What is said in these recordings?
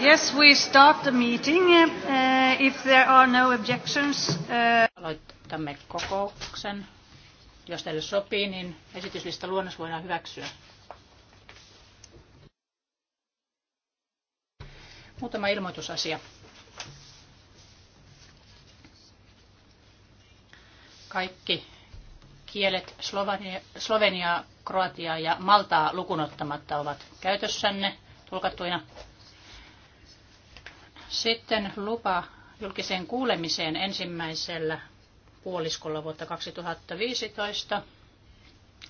Yes, we start the meeting. Uh, if there are no objections. Uh... Aloitamme kokouksen. Jos teille sopii, niin esityslista luonnos voidaan hyväksyä. Muutama ilmoitusasia. Kaikki kielet Slovenia, Slovenia Kroatiaa ja Maltaa lukunottamatta ovat käytössänne tulkattuina. Sitten lupa julkiseen kuulemiseen ensimmäisellä puoliskolla vuotta 2015.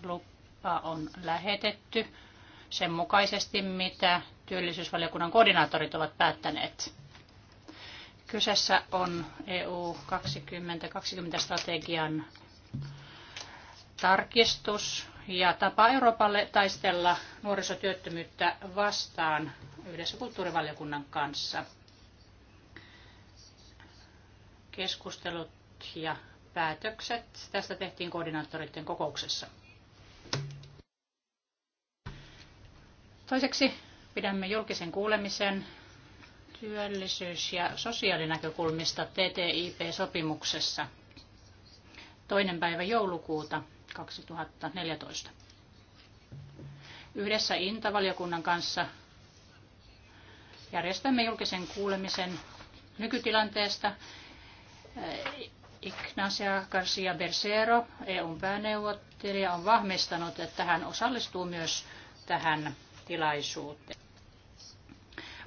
Lupa on lähetetty sen mukaisesti, mitä työllisyysvaliokunnan koordinaattorit ovat päättäneet. Kyseessä on EU 2020-strategian tarkistus ja tapa Euroopalle taistella nuorisotyöttömyyttä vastaan yhdessä kulttuurivaliokunnan kanssa keskustelut ja päätökset tästä tehtiin koordinaattoreiden kokouksessa. Toiseksi pidämme julkisen kuulemisen työllisyys- ja sosiaalinäkökulmista TTIP-sopimuksessa toinen päivä joulukuuta 2014. Yhdessä Intavaliokunnan kanssa järjestämme julkisen kuulemisen nykytilanteesta Ignacia Garcia Bersero, EUn pääneuvottelija, on vahvistanut, että hän osallistuu myös tähän tilaisuuteen.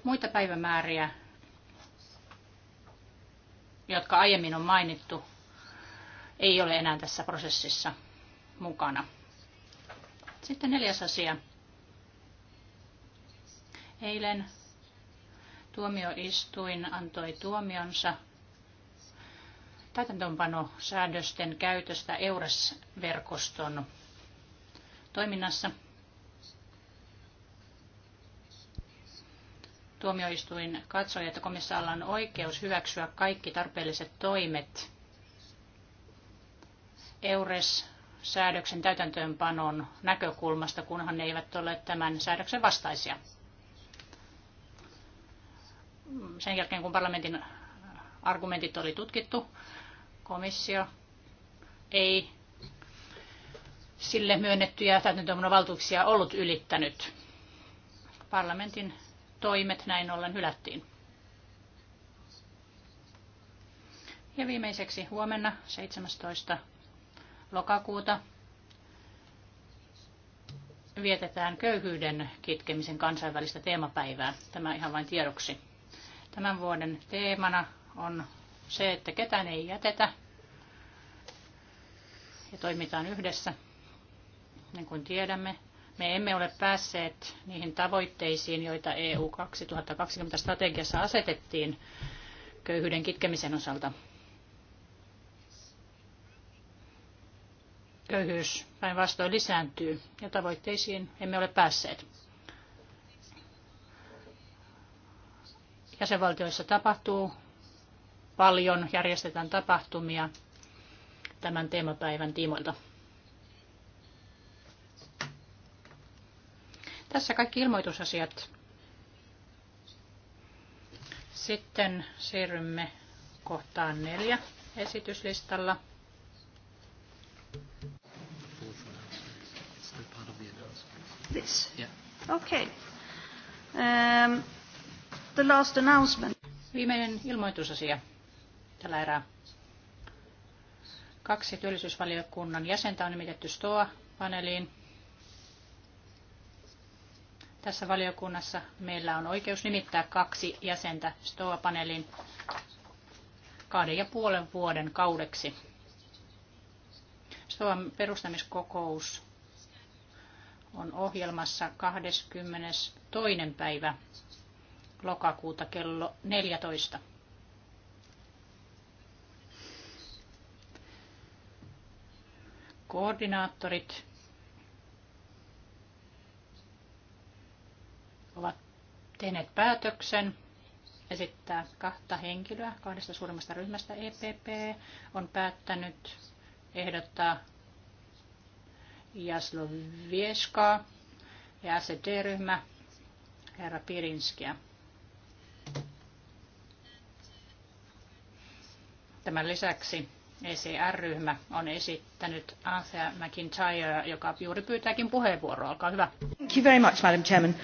Muita päivämääriä, jotka aiemmin on mainittu, ei ole enää tässä prosessissa mukana. Sitten neljäs asia. Eilen tuomioistuin antoi tuomionsa täytäntöönpanosäädösten käytöstä EURES-verkoston toiminnassa. Tuomioistuin katsoi, että komissaalla on oikeus hyväksyä kaikki tarpeelliset toimet EURES-säädöksen täytäntöönpanon näkökulmasta, kunhan ne eivät ole tämän säädöksen vastaisia. Sen jälkeen, kun parlamentin Argumentit oli tutkittu. Komissio ei sille myönnettyjä valtuuksia ollut ylittänyt. Parlamentin toimet näin ollen hylättiin. Ja viimeiseksi huomenna 17. lokakuuta vietetään köyhyyden kitkemisen kansainvälistä teemapäivää. Tämä ihan vain tiedoksi. Tämän vuoden teemana on se, että ketään ei jätetä ja toimitaan yhdessä. Niin kuin tiedämme, me emme ole päässeet niihin tavoitteisiin, joita EU 2020 strategiassa asetettiin köyhyyden kitkemisen osalta. Köyhyys päinvastoin lisääntyy ja tavoitteisiin emme ole päässeet. Jäsenvaltioissa tapahtuu paljon, järjestetään tapahtumia tämän teemapäivän tiimoilta. Tässä kaikki ilmoitusasiat. Sitten siirrymme kohtaan neljä esityslistalla. This. Yeah. Okay. Um, the last announcement. Viimeinen ilmoitusasia tällä erää. Kaksi työllisyysvaliokunnan jäsentä on nimitetty STOA-paneeliin. Tässä valiokunnassa meillä on oikeus nimittää kaksi jäsentä STOA-paneelin kahden ja puolen vuoden kaudeksi. STOAn perustamiskokous on ohjelmassa 22. päivä lokakuuta kello 14. Koordinaattorit ovat tehneet päätöksen esittää kahta henkilöä kahdesta suurimmasta ryhmästä. EPP on päättänyt ehdottaa Jaslo Vieskaa ja SED-ryhmä herra Pirinskiä. Tämän lisäksi ECR-ryhmä on esittänyt Arthur McIntyre, joka juuri pyytääkin puheenvuoroa. Olkaa hyvä. Thank you very much, Madam Chairman.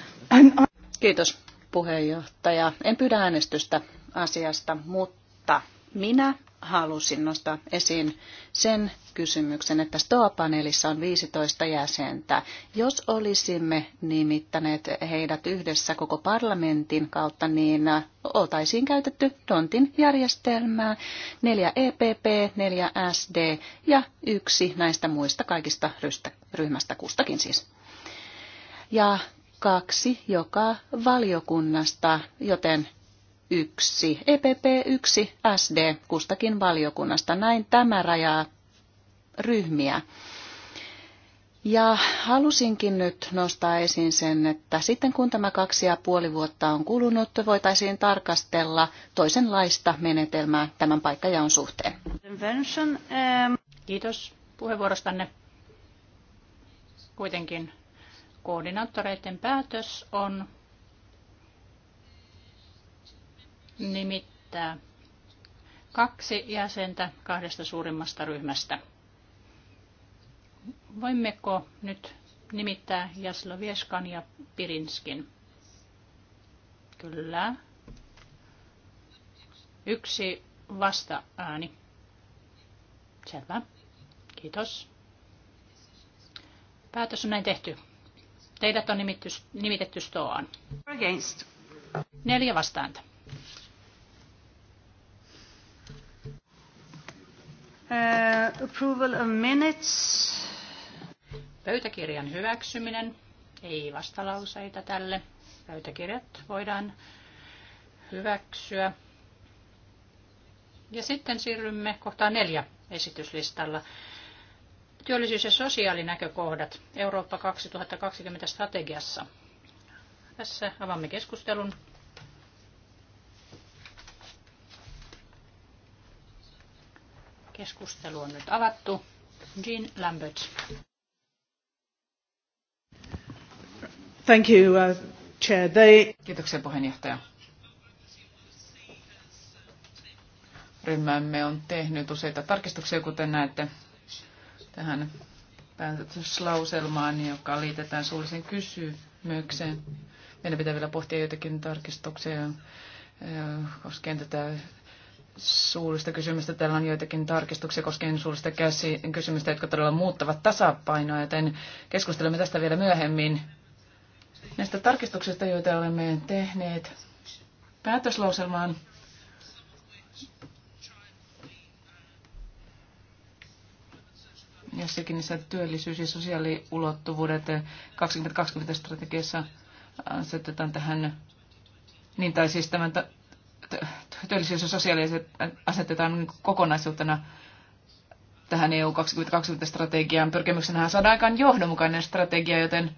Kiitos puheenjohtaja. En pyydä äänestystä asiasta, mutta minä halusin nostaa esiin sen kysymyksen, että STOA-paneelissa on 15 jäsentä. Jos olisimme nimittäneet heidät yhdessä koko parlamentin kautta, niin oltaisiin käytetty dontin järjestelmää 4 EPP, 4 SD ja yksi näistä muista kaikista ryhmästä kustakin siis. Ja kaksi joka valiokunnasta, joten yksi, EPP yksi, SD kustakin valiokunnasta. Näin tämä rajaa ryhmiä. Ja halusinkin nyt nostaa esiin sen, että sitten kun tämä kaksi ja puoli vuotta on kulunut, voitaisiin tarkastella toisenlaista menetelmää tämän paikkajaon suhteen. Ähm. Kiitos puheenvuorostanne. Kuitenkin koordinaattoreiden päätös on nimittää kaksi jäsentä kahdesta suurimmasta ryhmästä. Voimmeko nyt nimittää Jaslovieskan ja Pirinskin? Kyllä. Yksi vasta-ääni. Selvä. Kiitos. Päätös on näin tehty. Teidät on nimitetty Stoaan. Against. Neljä vastaanta. Uh, approval of minutes. Pöytäkirjan hyväksyminen. Ei vastalauseita tälle. Pöytäkirjat voidaan hyväksyä. Ja sitten siirrymme kohtaan neljä esityslistalla. Työllisyys- ja sosiaalinäkökohdat Eurooppa 2020 strategiassa. Tässä avaamme keskustelun. Keskustelu on nyt avattu. Jean Lambert. Thank you, uh, chair. They... Kiitoksia puheenjohtaja. Ryhmämme on tehnyt useita tarkistuksia, kuten näette tähän päätöslauselmaan, joka liitetään suullisen kysymykseen. Meidän pitää vielä pohtia joitakin tarkistuksia äh, koskien tätä suullista kysymystä. Täällä on joitakin tarkistuksia koskien suullista käsi- kysymystä, jotka todella muuttavat tasapainoa, joten keskustelemme tästä vielä myöhemmin. Näistä tarkistuksista, joita olemme tehneet päätöslauselmaan, jossakin niissä työllisyys- ja sosiaaliulottuvuudet 2020 strategiassa asetetaan tähän, niin tai siis tämän työllisyys ja sosiaaliset asetetaan kokonaisuutena tähän EU 2020-strategiaan. Pyrkimyksenähän saada aikaan johdonmukainen strategia, joten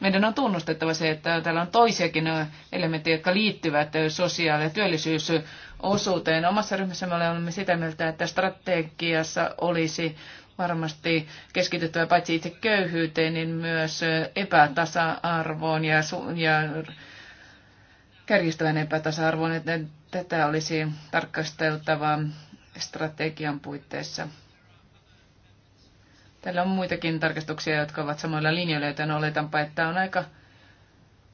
meidän on tunnustettava se, että täällä on toisiakin elementtejä, jotka liittyvät sosiaali- ja työllisyysosuuteen. Omassa ryhmässämme olemme sitä mieltä, että strategiassa olisi varmasti keskityttävä paitsi itse köyhyyteen, niin myös epätasa-arvoon ja, su- ja kärjistävän epätasa-arvoon. Että Tätä olisi tarkasteltava strategian puitteissa. Täällä on muitakin tarkastuksia, jotka ovat samoilla linjoilla, joten oletanpa, että on aika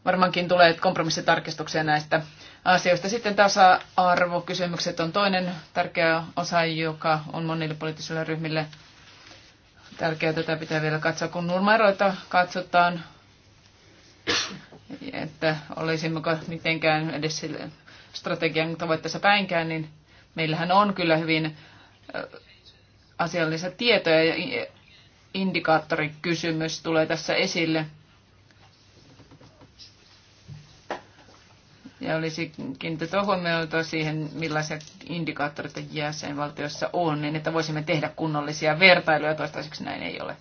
varmaankin tulee kompromissitarkistuksia näistä asioista. Sitten tasa-arvokysymykset on toinen tärkeä osa, joka on monille poliittisille ryhmille tärkeää. Tätä pitää vielä katsoa, kun nurmaeroita katsotaan, että olisimmeko mitenkään edes strategian tavoitteessa päinkään, niin meillähän on kyllä hyvin asiallisia tietoja ja indikaattorikysymys tulee tässä esille. Ja olisi kiinnitettävä huomiota siihen, millaisia indikaattoreita jäsenvaltiossa on, niin että voisimme tehdä kunnollisia vertailuja. Toistaiseksi näin ei ole.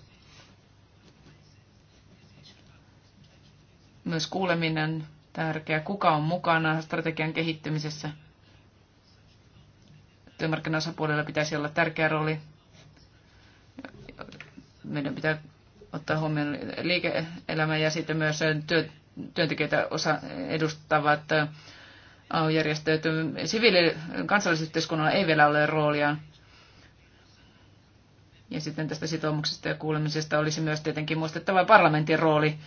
Myös kuuleminen tärkeä. Kuka on mukana strategian kehittymisessä? Työmarkkinaosapuolella pitäisi olla tärkeä rooli. Meidän pitää ottaa huomioon liike-elämä ja sitten myös työ, työntekijöitä osa edustavat järjestöt Siviili- kansallisyhteiskunnalla ei vielä ole roolia. Ja sitten tästä sitoumuksesta ja kuulemisesta olisi myös tietenkin muistettava parlamentin rooli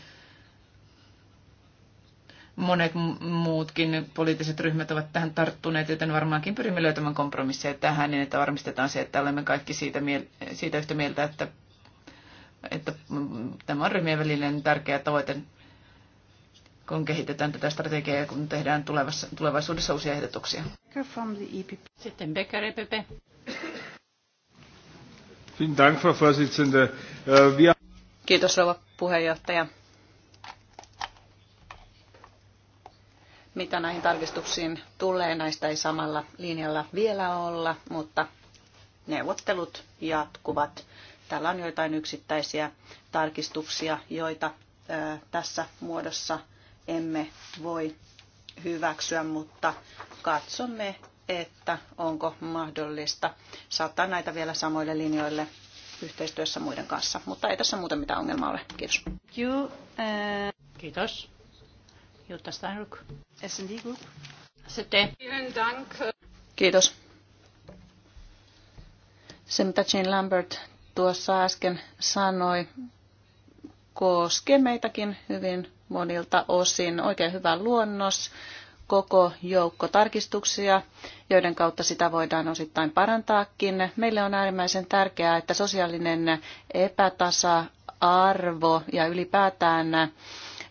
monet muutkin poliittiset ryhmät ovat tähän tarttuneet, joten varmaankin pyrimme löytämään kompromisseja tähän niin, että varmistetaan se, että olemme kaikki siitä, miel- siitä yhtä mieltä, että, että tämä on ryhmien välinen tärkeä tavoite, kun kehitetään tätä strategiaa ja kun tehdään tulevassa, tulevaisuudessa uusia ehdotuksia. E Sitten Becker, EPP. Äh, Kiitos, rouva puheenjohtaja mitä näihin tarkistuksiin tulee. Näistä ei samalla linjalla vielä olla, mutta neuvottelut jatkuvat. Täällä on joitain yksittäisiä tarkistuksia, joita tässä muodossa emme voi hyväksyä, mutta katsomme, että onko mahdollista saattaa näitä vielä samoille linjoille yhteistyössä muiden kanssa. Mutta ei tässä muuten mitään ongelmaa ole. Kiitos. Uh, Kiitos. Jutta Steinruck. S&D Group. Kiitos. Se, mitä Jean Lambert tuossa äsken sanoi, koskee meitäkin hyvin monilta osin. Oikein hyvä luonnos, koko joukko tarkistuksia, joiden kautta sitä voidaan osittain parantaakin. Meille on äärimmäisen tärkeää, että sosiaalinen epätasa-arvo ja ylipäätään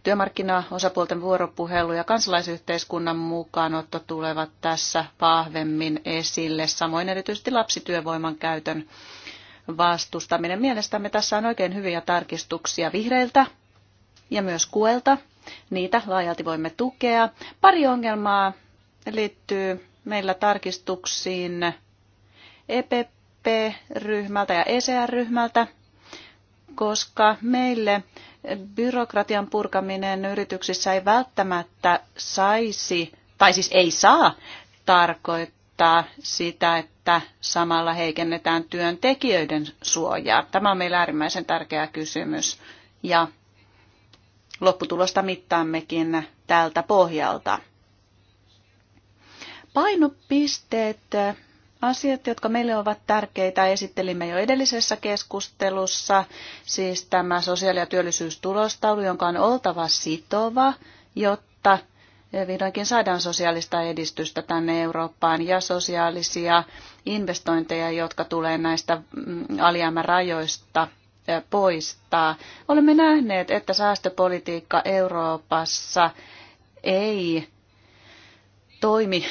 Työmarkkinaosapuolten vuoropuhelu ja kansalaisyhteiskunnan mukaanotto tulevat tässä vahvemmin esille, samoin erityisesti lapsityövoiman käytön vastustaminen. Mielestämme tässä on oikein hyviä tarkistuksia vihreiltä ja myös kuelta. Niitä laajalti voimme tukea. Pari ongelmaa liittyy meillä tarkistuksiin EPP-ryhmältä ja ECR-ryhmältä, koska meille byrokratian purkaminen yrityksissä ei välttämättä saisi, tai siis ei saa tarkoittaa sitä, että samalla heikennetään työntekijöiden suojaa. Tämä on meillä äärimmäisen tärkeä kysymys ja lopputulosta mittaammekin tältä pohjalta. Painopisteet asiat, jotka meille ovat tärkeitä, esittelimme jo edellisessä keskustelussa, siis tämä sosiaali- ja työllisyystulostaulu, jonka on oltava sitova, jotta vihdoinkin saadaan sosiaalista edistystä tänne Eurooppaan ja sosiaalisia investointeja, jotka tulee näistä mm, alijäämärajoista poistaa. Olemme nähneet, että säästöpolitiikka Euroopassa ei toimi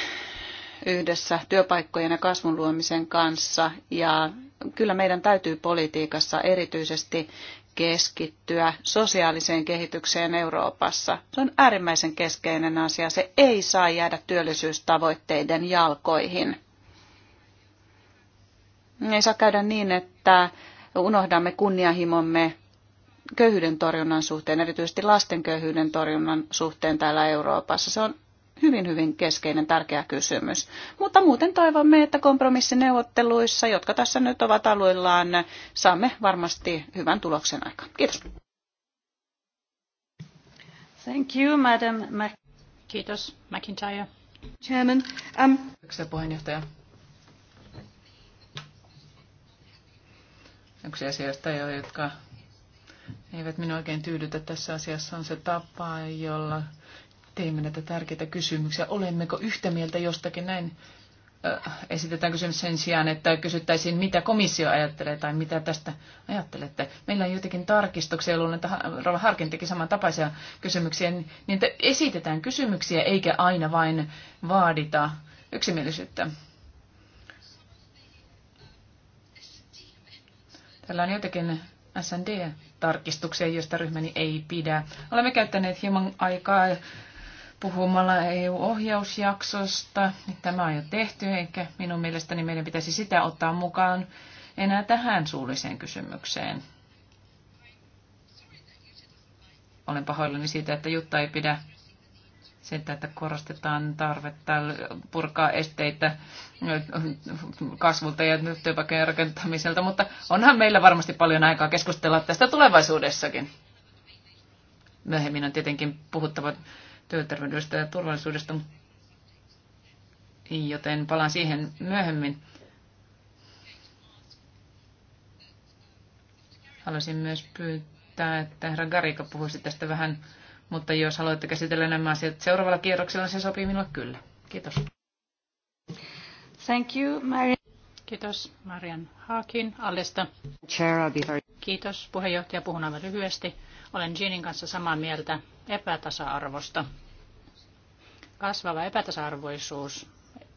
yhdessä työpaikkojen ja kasvun luomisen kanssa ja kyllä meidän täytyy politiikassa erityisesti keskittyä sosiaaliseen kehitykseen Euroopassa. Se on äärimmäisen keskeinen asia. Se ei saa jäädä työllisyystavoitteiden jalkoihin. Ei saa käydä niin, että unohdamme kunnianhimomme köyhyyden torjunnan suhteen, erityisesti lasten köyhyyden torjunnan suhteen täällä Euroopassa. Se on hyvin, hyvin keskeinen tärkeä kysymys. Mutta muuten toivomme, että kompromissineuvotteluissa, jotka tässä nyt ovat aluillaan, saamme varmasti hyvän tuloksen aika. Kiitos. Thank you, Madam Mac- Kiitos, McIntyre. Chairman, um... puheenjohtaja. Yksi asioista, jotka eivät minua oikein tyydytä tässä asiassa, on se tapa, jolla teemme näitä tärkeitä kysymyksiä. Olemmeko yhtä mieltä jostakin näin? Äh, esitetään kysymys sen sijaan, että kysyttäisiin, mitä komissio ajattelee tai mitä tästä ajattelette. Meillä on jotenkin tarkistuksia, luulen, että Rova Harkin teki samantapaisia kysymyksiä, niin että esitetään kysymyksiä eikä aina vain vaadita yksimielisyyttä. Täällä on jotenkin SND-tarkistuksia, joista ryhmäni ei pidä. Olemme käyttäneet hieman aikaa puhumalla EU-ohjausjaksosta. Tämä on jo tehty, eikä minun mielestäni meidän pitäisi sitä ottaa mukaan enää tähän suulliseen kysymykseen. Olen pahoillani siitä, että Jutta ei pidä sitä, että korostetaan tarvetta purkaa esteitä kasvulta ja työpaikkojen rakentamiselta, mutta onhan meillä varmasti paljon aikaa keskustella tästä tulevaisuudessakin. Myöhemmin on tietenkin puhuttava työterveydestä ja turvallisuudesta, joten palaan siihen myöhemmin. Haluaisin myös pyytää, että herra Garika puhuisi tästä vähän, mutta jos haluatte käsitellä nämä asiat seuraavalla kierroksella, se sopii minulle kyllä. Kiitos. Thank you, Marian. Kiitos Marian Haakin Allesta. Kiitos puheenjohtaja, puhun aivan lyhyesti. Olen Jeanin kanssa samaa mieltä epätasa-arvosta. Kasvava epätasa-arvoisuus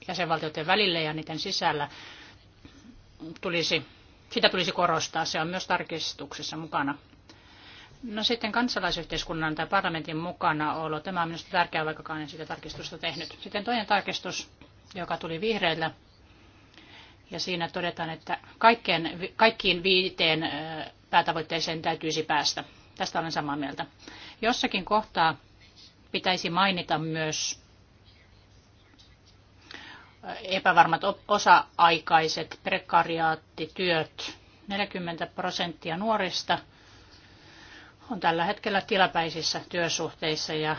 jäsenvaltioiden välillä ja niiden sisällä tulisi, sitä tulisi korostaa. Se on myös tarkistuksessa mukana. No sitten kansalaisyhteiskunnan tai parlamentin mukana olo. Tämä on minusta tärkeää, vaikkakaan en sitä tarkistusta tehnyt. Sitten toinen tarkistus, joka tuli vihreillä. Ja siinä todetaan, että kaikkeen, kaikkiin viiteen päätavoitteeseen täytyisi päästä. Tästä olen samaa mieltä. Jossakin kohtaa pitäisi mainita myös epävarmat osa-aikaiset prekariaattityöt. 40 prosenttia nuorista on tällä hetkellä tilapäisissä työsuhteissa ja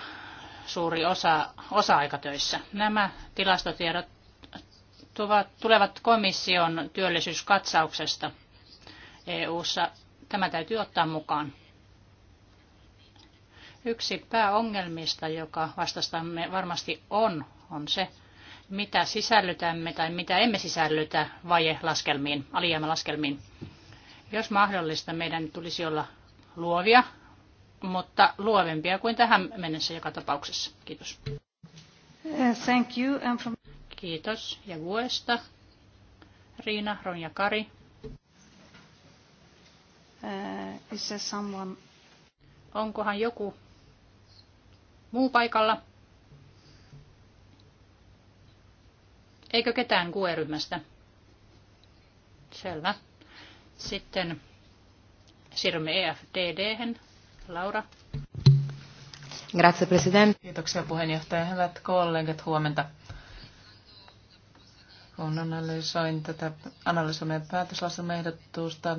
suuri osa osa-aikatöissä. Nämä tilastotiedot tulevat komission työllisyyskatsauksesta EU-ssa. Tämä täytyy ottaa mukaan. Yksi pääongelmista, joka vastastamme varmasti on, on se, mitä sisällytämme tai mitä emme sisällytä vajelaskelmiin, alijäämälaskelmiin. Jos mahdollista, meidän tulisi olla luovia, mutta luovempia kuin tähän mennessä joka tapauksessa. Kiitos. Uh, thank you. I'm from... Kiitos. Ja vuodesta. Riina, Ronja, Kari. Uh, is there someone? Onkohan joku muu paikalla? Eikö ketään kueryhmästä? Selvä. Sitten siirrymme EFDD-hän. Laura. Grazie, president. Kiitoksia puheenjohtaja. Hyvät kollegat, huomenta. Kun analysoin tätä analysoimme päätöslauselmaehdotusta,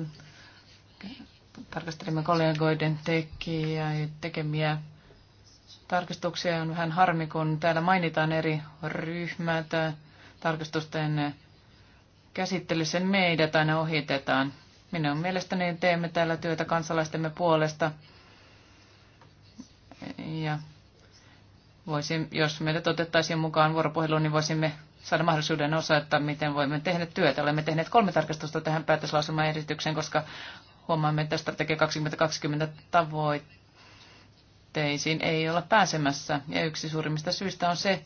tarkastelimme kollegoiden tekijä, tekemiä tarkistuksia. On vähän harmi, kun täällä mainitaan eri ryhmät tarkistusten käsittelyssä. Meidät aina ohitetaan. Minun mielestäni teemme täällä työtä kansalaistemme puolesta. Ja voisin, jos meidät otettaisiin mukaan vuoropuheluun, niin voisimme saada mahdollisuuden osoittaa, miten voimme tehdä työtä. Olemme tehneet kolme tarkastusta tähän päätöslausumaan koska huomaamme, että strategia 2020 tavoitteet tavoitteisiin ei olla pääsemässä. Ja yksi suurimmista syistä on se,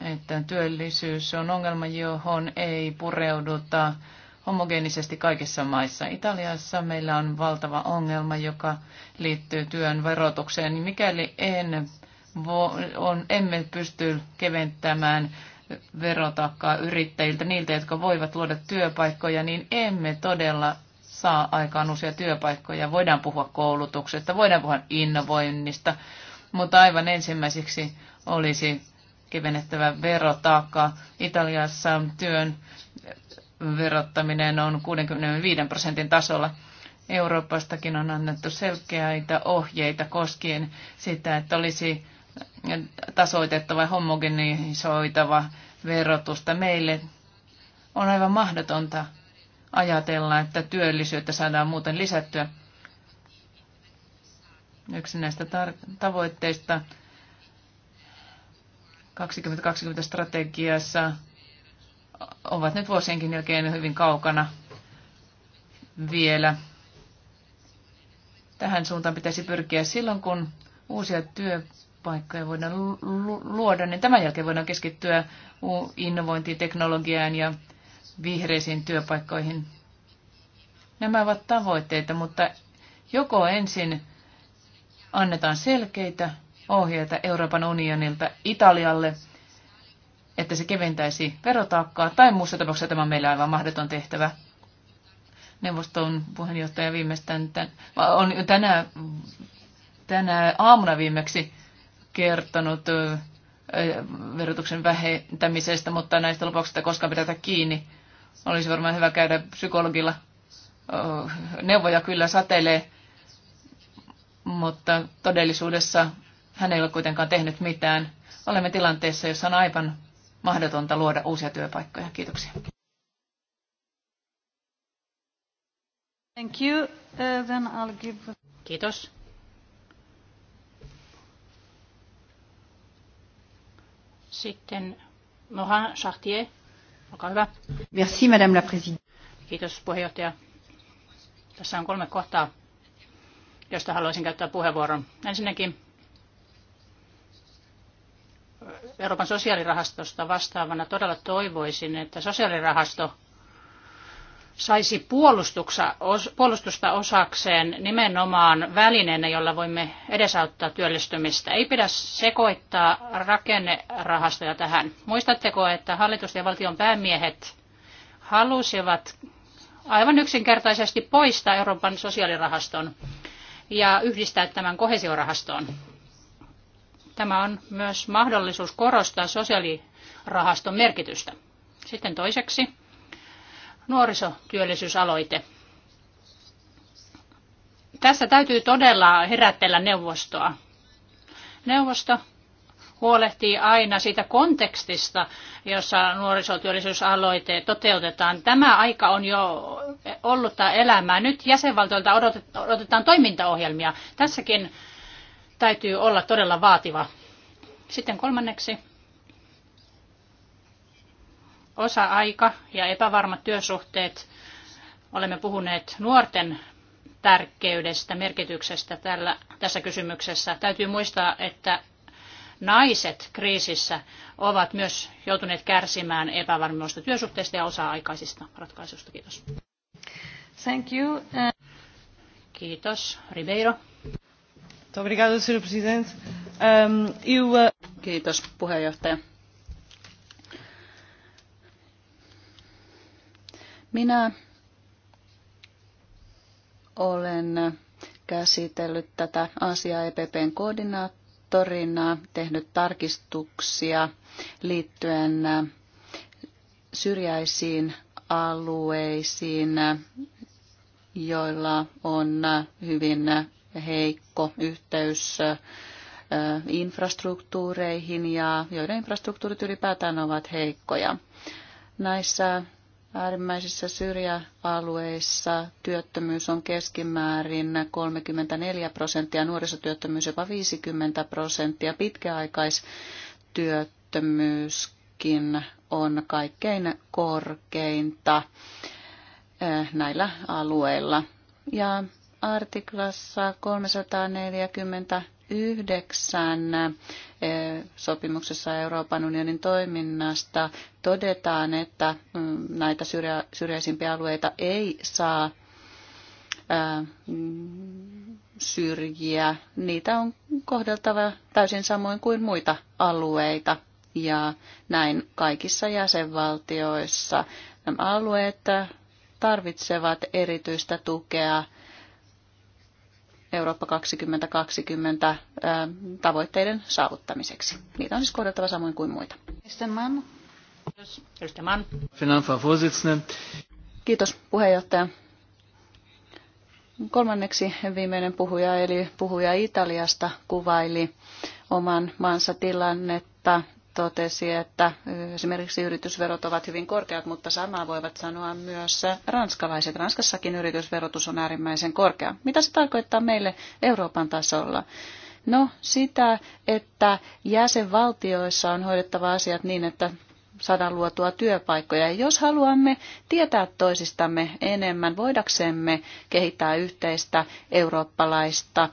että työllisyys on ongelma, johon ei pureuduta homogeenisesti kaikissa maissa. Italiassa meillä on valtava ongelma, joka liittyy työn verotukseen. Niin mikäli en vo, on, emme pysty keventämään verotakkaa yrittäjiltä, niiltä, jotka voivat luoda työpaikkoja, niin emme todella saa aikaan uusia työpaikkoja. Voidaan puhua koulutuksesta, voidaan puhua innovoinnista, mutta aivan ensimmäiseksi olisi kevennettävä verotaakka. Italiassa työn verottaminen on 65 prosentin tasolla. Euroopastakin on annettu selkeitä ohjeita koskien sitä, että olisi tasoitettava ja homogenisoitava verotusta. Meille on aivan mahdotonta ajatella, että työllisyyttä saadaan muuten lisättyä. Yksi näistä tavoitteista 2020-strategiassa ovat nyt vuosienkin jälkeen hyvin kaukana vielä. Tähän suuntaan pitäisi pyrkiä silloin, kun uusia työpaikkoja voidaan luoda, niin tämän jälkeen voidaan keskittyä innovointiin, teknologiaan ja vihreisiin työpaikkoihin. Nämä ovat tavoitteita, mutta joko ensin annetaan selkeitä ohjeita Euroopan unionilta Italialle, että se keventäisi verotaakkaa, tai muussa tapauksessa tämä on meillä aivan mahdoton tehtävä. Neuvoston puheenjohtaja viimeistään tämän, on tänä, tänä aamuna viimeksi kertonut verotuksen vähentämisestä, mutta näistä lupauksista koskaan pitää kiinni. Olisi varmaan hyvä käydä psykologilla. Neuvoja kyllä satelee, mutta todellisuudessa hän ei ole kuitenkaan tehnyt mitään. Olemme tilanteessa, jossa on aivan mahdotonta luoda uusia työpaikkoja. Kiitoksia. Thank you. Uh, then I'll give... Kiitos. Sitten Mohan Chartier. Olkaa hyvä. Merci, madame la présidente. Kiitos puheenjohtaja. Tässä on kolme kohtaa, josta haluaisin käyttää puheenvuoron. Ensinnäkin Euroopan sosiaalirahastosta vastaavana todella toivoisin, että sosiaalirahasto saisi puolustusta osakseen nimenomaan välineenä, jolla voimme edesauttaa työllistymistä. Ei pidä sekoittaa rakennerahastoja tähän. Muistatteko, että hallitus ja valtion päämiehet halusivat aivan yksinkertaisesti poistaa Euroopan sosiaalirahaston ja yhdistää tämän kohesiorahastoon. Tämä on myös mahdollisuus korostaa sosiaalirahaston merkitystä. Sitten toiseksi nuorisotyöllisyysaloite. Tässä täytyy todella herättellä neuvostoa. Neuvosto huolehtii aina siitä kontekstista, jossa nuorisotyöllisyysaloite toteutetaan. Tämä aika on jo ollut tämä elämää. Nyt jäsenvaltioilta odotetaan toimintaohjelmia. Tässäkin täytyy olla todella vaativa. Sitten kolmanneksi Osa-aika ja epävarmat työsuhteet. Olemme puhuneet nuorten tärkeydestä, merkityksestä tällä, tässä kysymyksessä. Täytyy muistaa, että naiset kriisissä ovat myös joutuneet kärsimään epävarmuista työsuhteista ja osa-aikaisista ratkaisuista. Kiitos. Thank you. Uh, Kiitos. Ribeiro. Obrigado, senhor presidente. Um, uh, Kiitos puheenjohtaja. Minä olen käsitellyt tätä asiaa EPPn koordinaattorina, tehnyt tarkistuksia liittyen syrjäisiin alueisiin, joilla on hyvin heikko yhteys infrastruktuureihin ja joiden infrastruktuurit ylipäätään ovat heikkoja. Näissä Äärimmäisissä syrjäalueissa työttömyys on keskimäärin 34 prosenttia, nuorisotyöttömyys jopa 50 prosenttia, pitkäaikaistyöttömyyskin on kaikkein korkeinta eh, näillä alueilla. Ja artiklassa 340 yhdeksän eh, sopimuksessa Euroopan unionin toiminnasta todetaan, että mm, näitä syrjäisimpiä alueita ei saa eh, syrjiä. Niitä on kohdeltava täysin samoin kuin muita alueita. Ja näin kaikissa jäsenvaltioissa nämä alueet tarvitsevat erityistä tukea Eurooppa 2020 tavoitteiden saavuttamiseksi. Niitä on siis kohdeltava samoin kuin muita. Kiitos puheenjohtaja. Kolmanneksi viimeinen puhuja, eli puhuja Italiasta, kuvaili oman maansa tilannetta totesi, että esimerkiksi yritysverot ovat hyvin korkeat, mutta samaa voivat sanoa myös ranskalaiset. Ranskassakin yritysverotus on äärimmäisen korkea. Mitä se tarkoittaa meille Euroopan tasolla? No sitä, että jäsenvaltioissa on hoidettava asiat niin, että saadaan luotua työpaikkoja. Ja jos haluamme tietää toisistamme enemmän, voidaksemme kehittää yhteistä eurooppalaista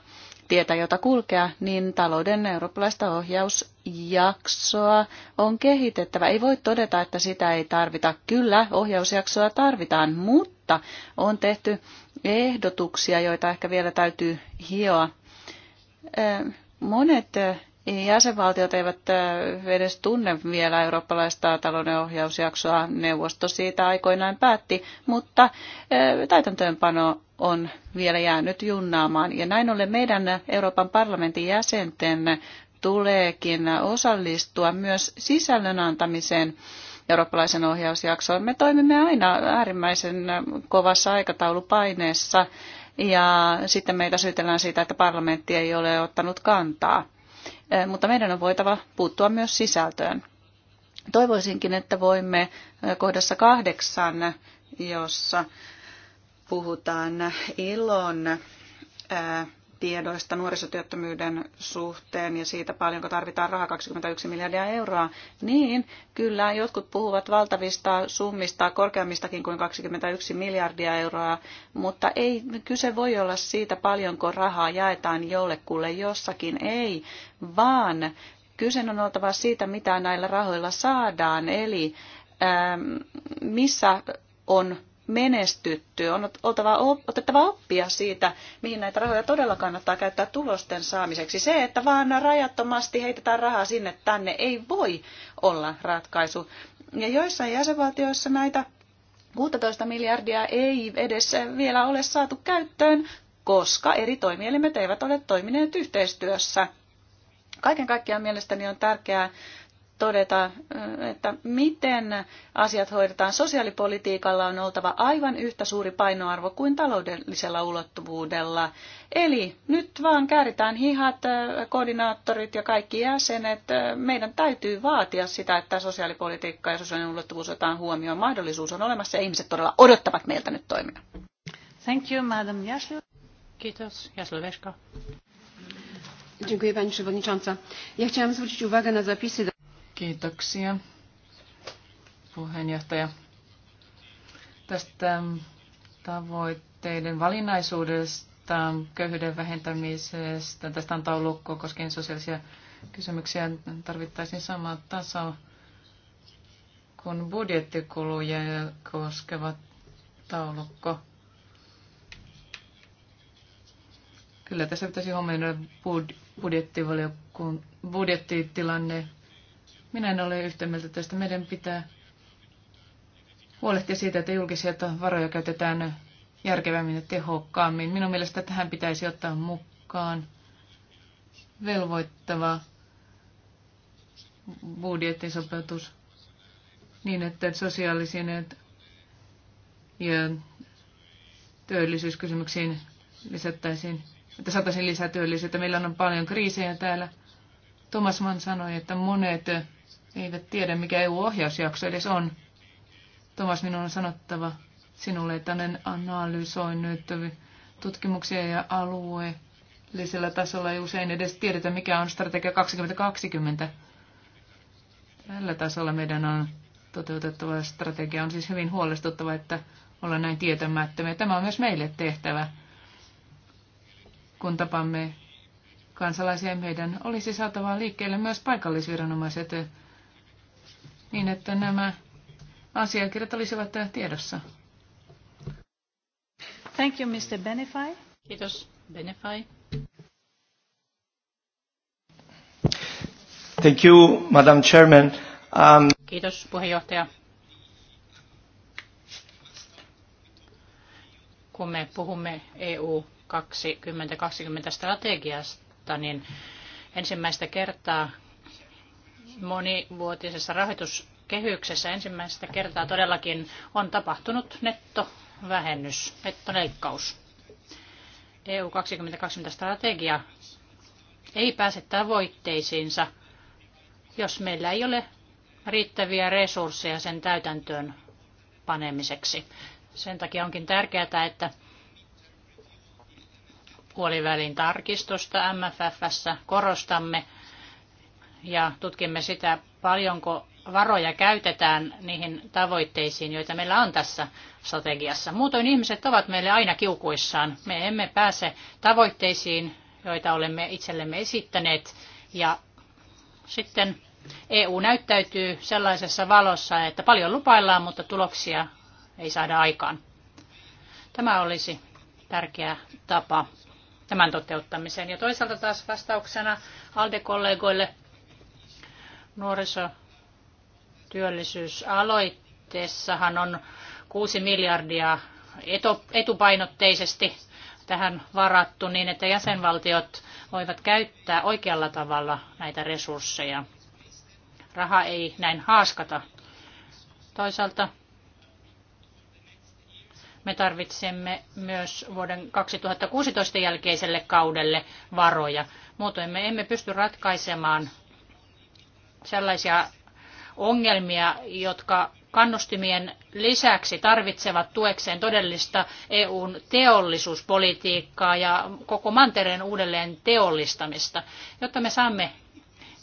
tietä, jota kulkea, niin talouden eurooppalaista ohjaus ohjausjaksoa on kehitettävä. Ei voi todeta, että sitä ei tarvita. Kyllä, ohjausjaksoa tarvitaan, mutta on tehty ehdotuksia, joita ehkä vielä täytyy hioa. Monet jäsenvaltiot eivät edes tunne vielä eurooppalaista talouden ohjausjaksoa. Neuvosto siitä aikoinaan päätti, mutta täytäntöönpano on vielä jäänyt junnaamaan. Ja näin ollen meidän Euroopan parlamentin jäsenten tuleekin osallistua myös sisällön antamiseen eurooppalaisen ohjausjaksoon. Me toimimme aina äärimmäisen kovassa aikataulupaineessa ja sitten meitä syytellään siitä, että parlamentti ei ole ottanut kantaa. Mutta meidän on voitava puuttua myös sisältöön. Toivoisinkin, että voimme kohdassa kahdeksan, jossa puhutaan ilon tiedoista nuorisotyöttömyyden suhteen ja siitä paljonko tarvitaan rahaa 21 miljardia euroa, niin kyllä jotkut puhuvat valtavista summista, korkeammistakin kuin 21 miljardia euroa, mutta ei kyse voi olla siitä paljonko rahaa jaetaan jollekulle jossakin, ei, vaan kyse on oltava siitä, mitä näillä rahoilla saadaan, eli ää, ähm, missä on menestytty. On oltava, otettava oppia siitä, mihin näitä rahoja todella kannattaa käyttää tulosten saamiseksi. Se, että vaan rajattomasti heitetään rahaa sinne tänne, ei voi olla ratkaisu. Ja joissain jäsenvaltioissa näitä 16 miljardia ei edes vielä ole saatu käyttöön, koska eri toimielimet eivät ole toimineet yhteistyössä. Kaiken kaikkiaan mielestäni on tärkeää todeta, että miten asiat hoidetaan. Sosiaalipolitiikalla on oltava aivan yhtä suuri painoarvo kuin taloudellisella ulottuvuudella. Eli nyt vaan kääritään hihat, koordinaattorit ja kaikki jäsenet. Meidän täytyy vaatia sitä, että sosiaalipolitiikka ja sosiaalinen ulottuvuus otetaan huomioon. Mahdollisuus on olemassa ja ihmiset todella odottavat meiltä nyt toimia. Thank you, Madam Jaslu. Kiitos, Jaslu Veska pani przewodnicząca! ja chciałam zwrócić uwagę na zapisy Kiitoksia, puheenjohtaja. Tästä tavoitteiden valinnaisuudesta, köyhyyden vähentämisestä, tästä on taulukko koskien sosiaalisia kysymyksiä, tarvittaisiin sama taso kuin budjettikuluja koskeva taulukko. Kyllä tässä pitäisi huomioida bud- budjettivaliokunnan budjettitilanne minä en ole yhtä mieltä tästä. Meidän pitää huolehtia siitä, että julkisia varoja käytetään järkevämmin ja tehokkaammin. Minun mielestä tähän pitäisi ottaa mukaan velvoittava budjettisopeutus niin, että sosiaalisiin ja työllisyyskysymyksiin lisättäisiin, että saataisiin lisää työllisyyttä. Meillä on paljon kriisejä täällä. Thomas Mann sanoi, että monet eivät tiedä, mikä EU-ohjausjakso edes on. Tomas, minun on sanottava sinulle, että olen analysoinut tutkimuksia ja alueellisella tasolla ei usein edes tiedetä, mikä on strategia 2020. Tällä tasolla meidän on toteutettava strategia. On siis hyvin huolestuttava, että olla näin tietämättömiä. Tämä on myös meille tehtävä. Kun tapamme kansalaisia, meidän olisi saatava liikkeelle myös paikallisviranomaiset niin, että nämä asiakirjat olisivat tiedossa. Thank you, Mr. Benefai. Kiitos, Benefai. Thank you, Madam Chairman. Um... Kiitos, puheenjohtaja. Kun me puhumme EU 2020 strategiasta, niin ensimmäistä kertaa monivuotisessa rahoituskehyksessä ensimmäistä kertaa todellakin on tapahtunut nettovähennys, nettoleikkaus. EU 2020-strategia ei pääse tavoitteisiinsa, jos meillä ei ole riittäviä resursseja sen täytäntöön panemiseksi. Sen takia onkin tärkeää, että puolivälin tarkistusta MFFssä korostamme ja tutkimme sitä, paljonko varoja käytetään niihin tavoitteisiin, joita meillä on tässä strategiassa. Muutoin ihmiset ovat meille aina kiukuissaan. Me emme pääse tavoitteisiin, joita olemme itsellemme esittäneet. Ja sitten EU näyttäytyy sellaisessa valossa, että paljon lupaillaan, mutta tuloksia ei saada aikaan. Tämä olisi tärkeä tapa tämän toteuttamiseen. Ja toisaalta taas vastauksena ALDE-kollegoille Nuorisotyöllisyysaloitteessahan on 6 miljardia etupainotteisesti tähän varattu niin, että jäsenvaltiot voivat käyttää oikealla tavalla näitä resursseja. Raha ei näin haaskata. Toisaalta me tarvitsemme myös vuoden 2016 jälkeiselle kaudelle varoja. Muutoin me emme pysty ratkaisemaan sellaisia ongelmia, jotka kannustimien lisäksi tarvitsevat tuekseen todellista EUn teollisuuspolitiikkaa ja koko mantereen uudelleen teollistamista. Jotta me saamme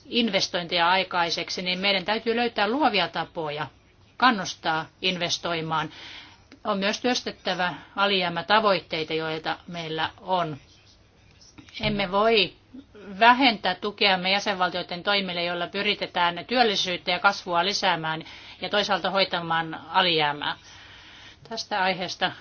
investointeja aikaiseksi, niin meidän täytyy löytää luovia tapoja kannustaa investoimaan. On myös työstettävä alijäämätavoitteita, joita meillä on. Emme voi vähentää tukeamme jäsenvaltioiden toimille, joilla pyritetään työllisyyttä ja kasvua lisäämään ja toisaalta hoitamaan alijäämää. Tästä aiheesta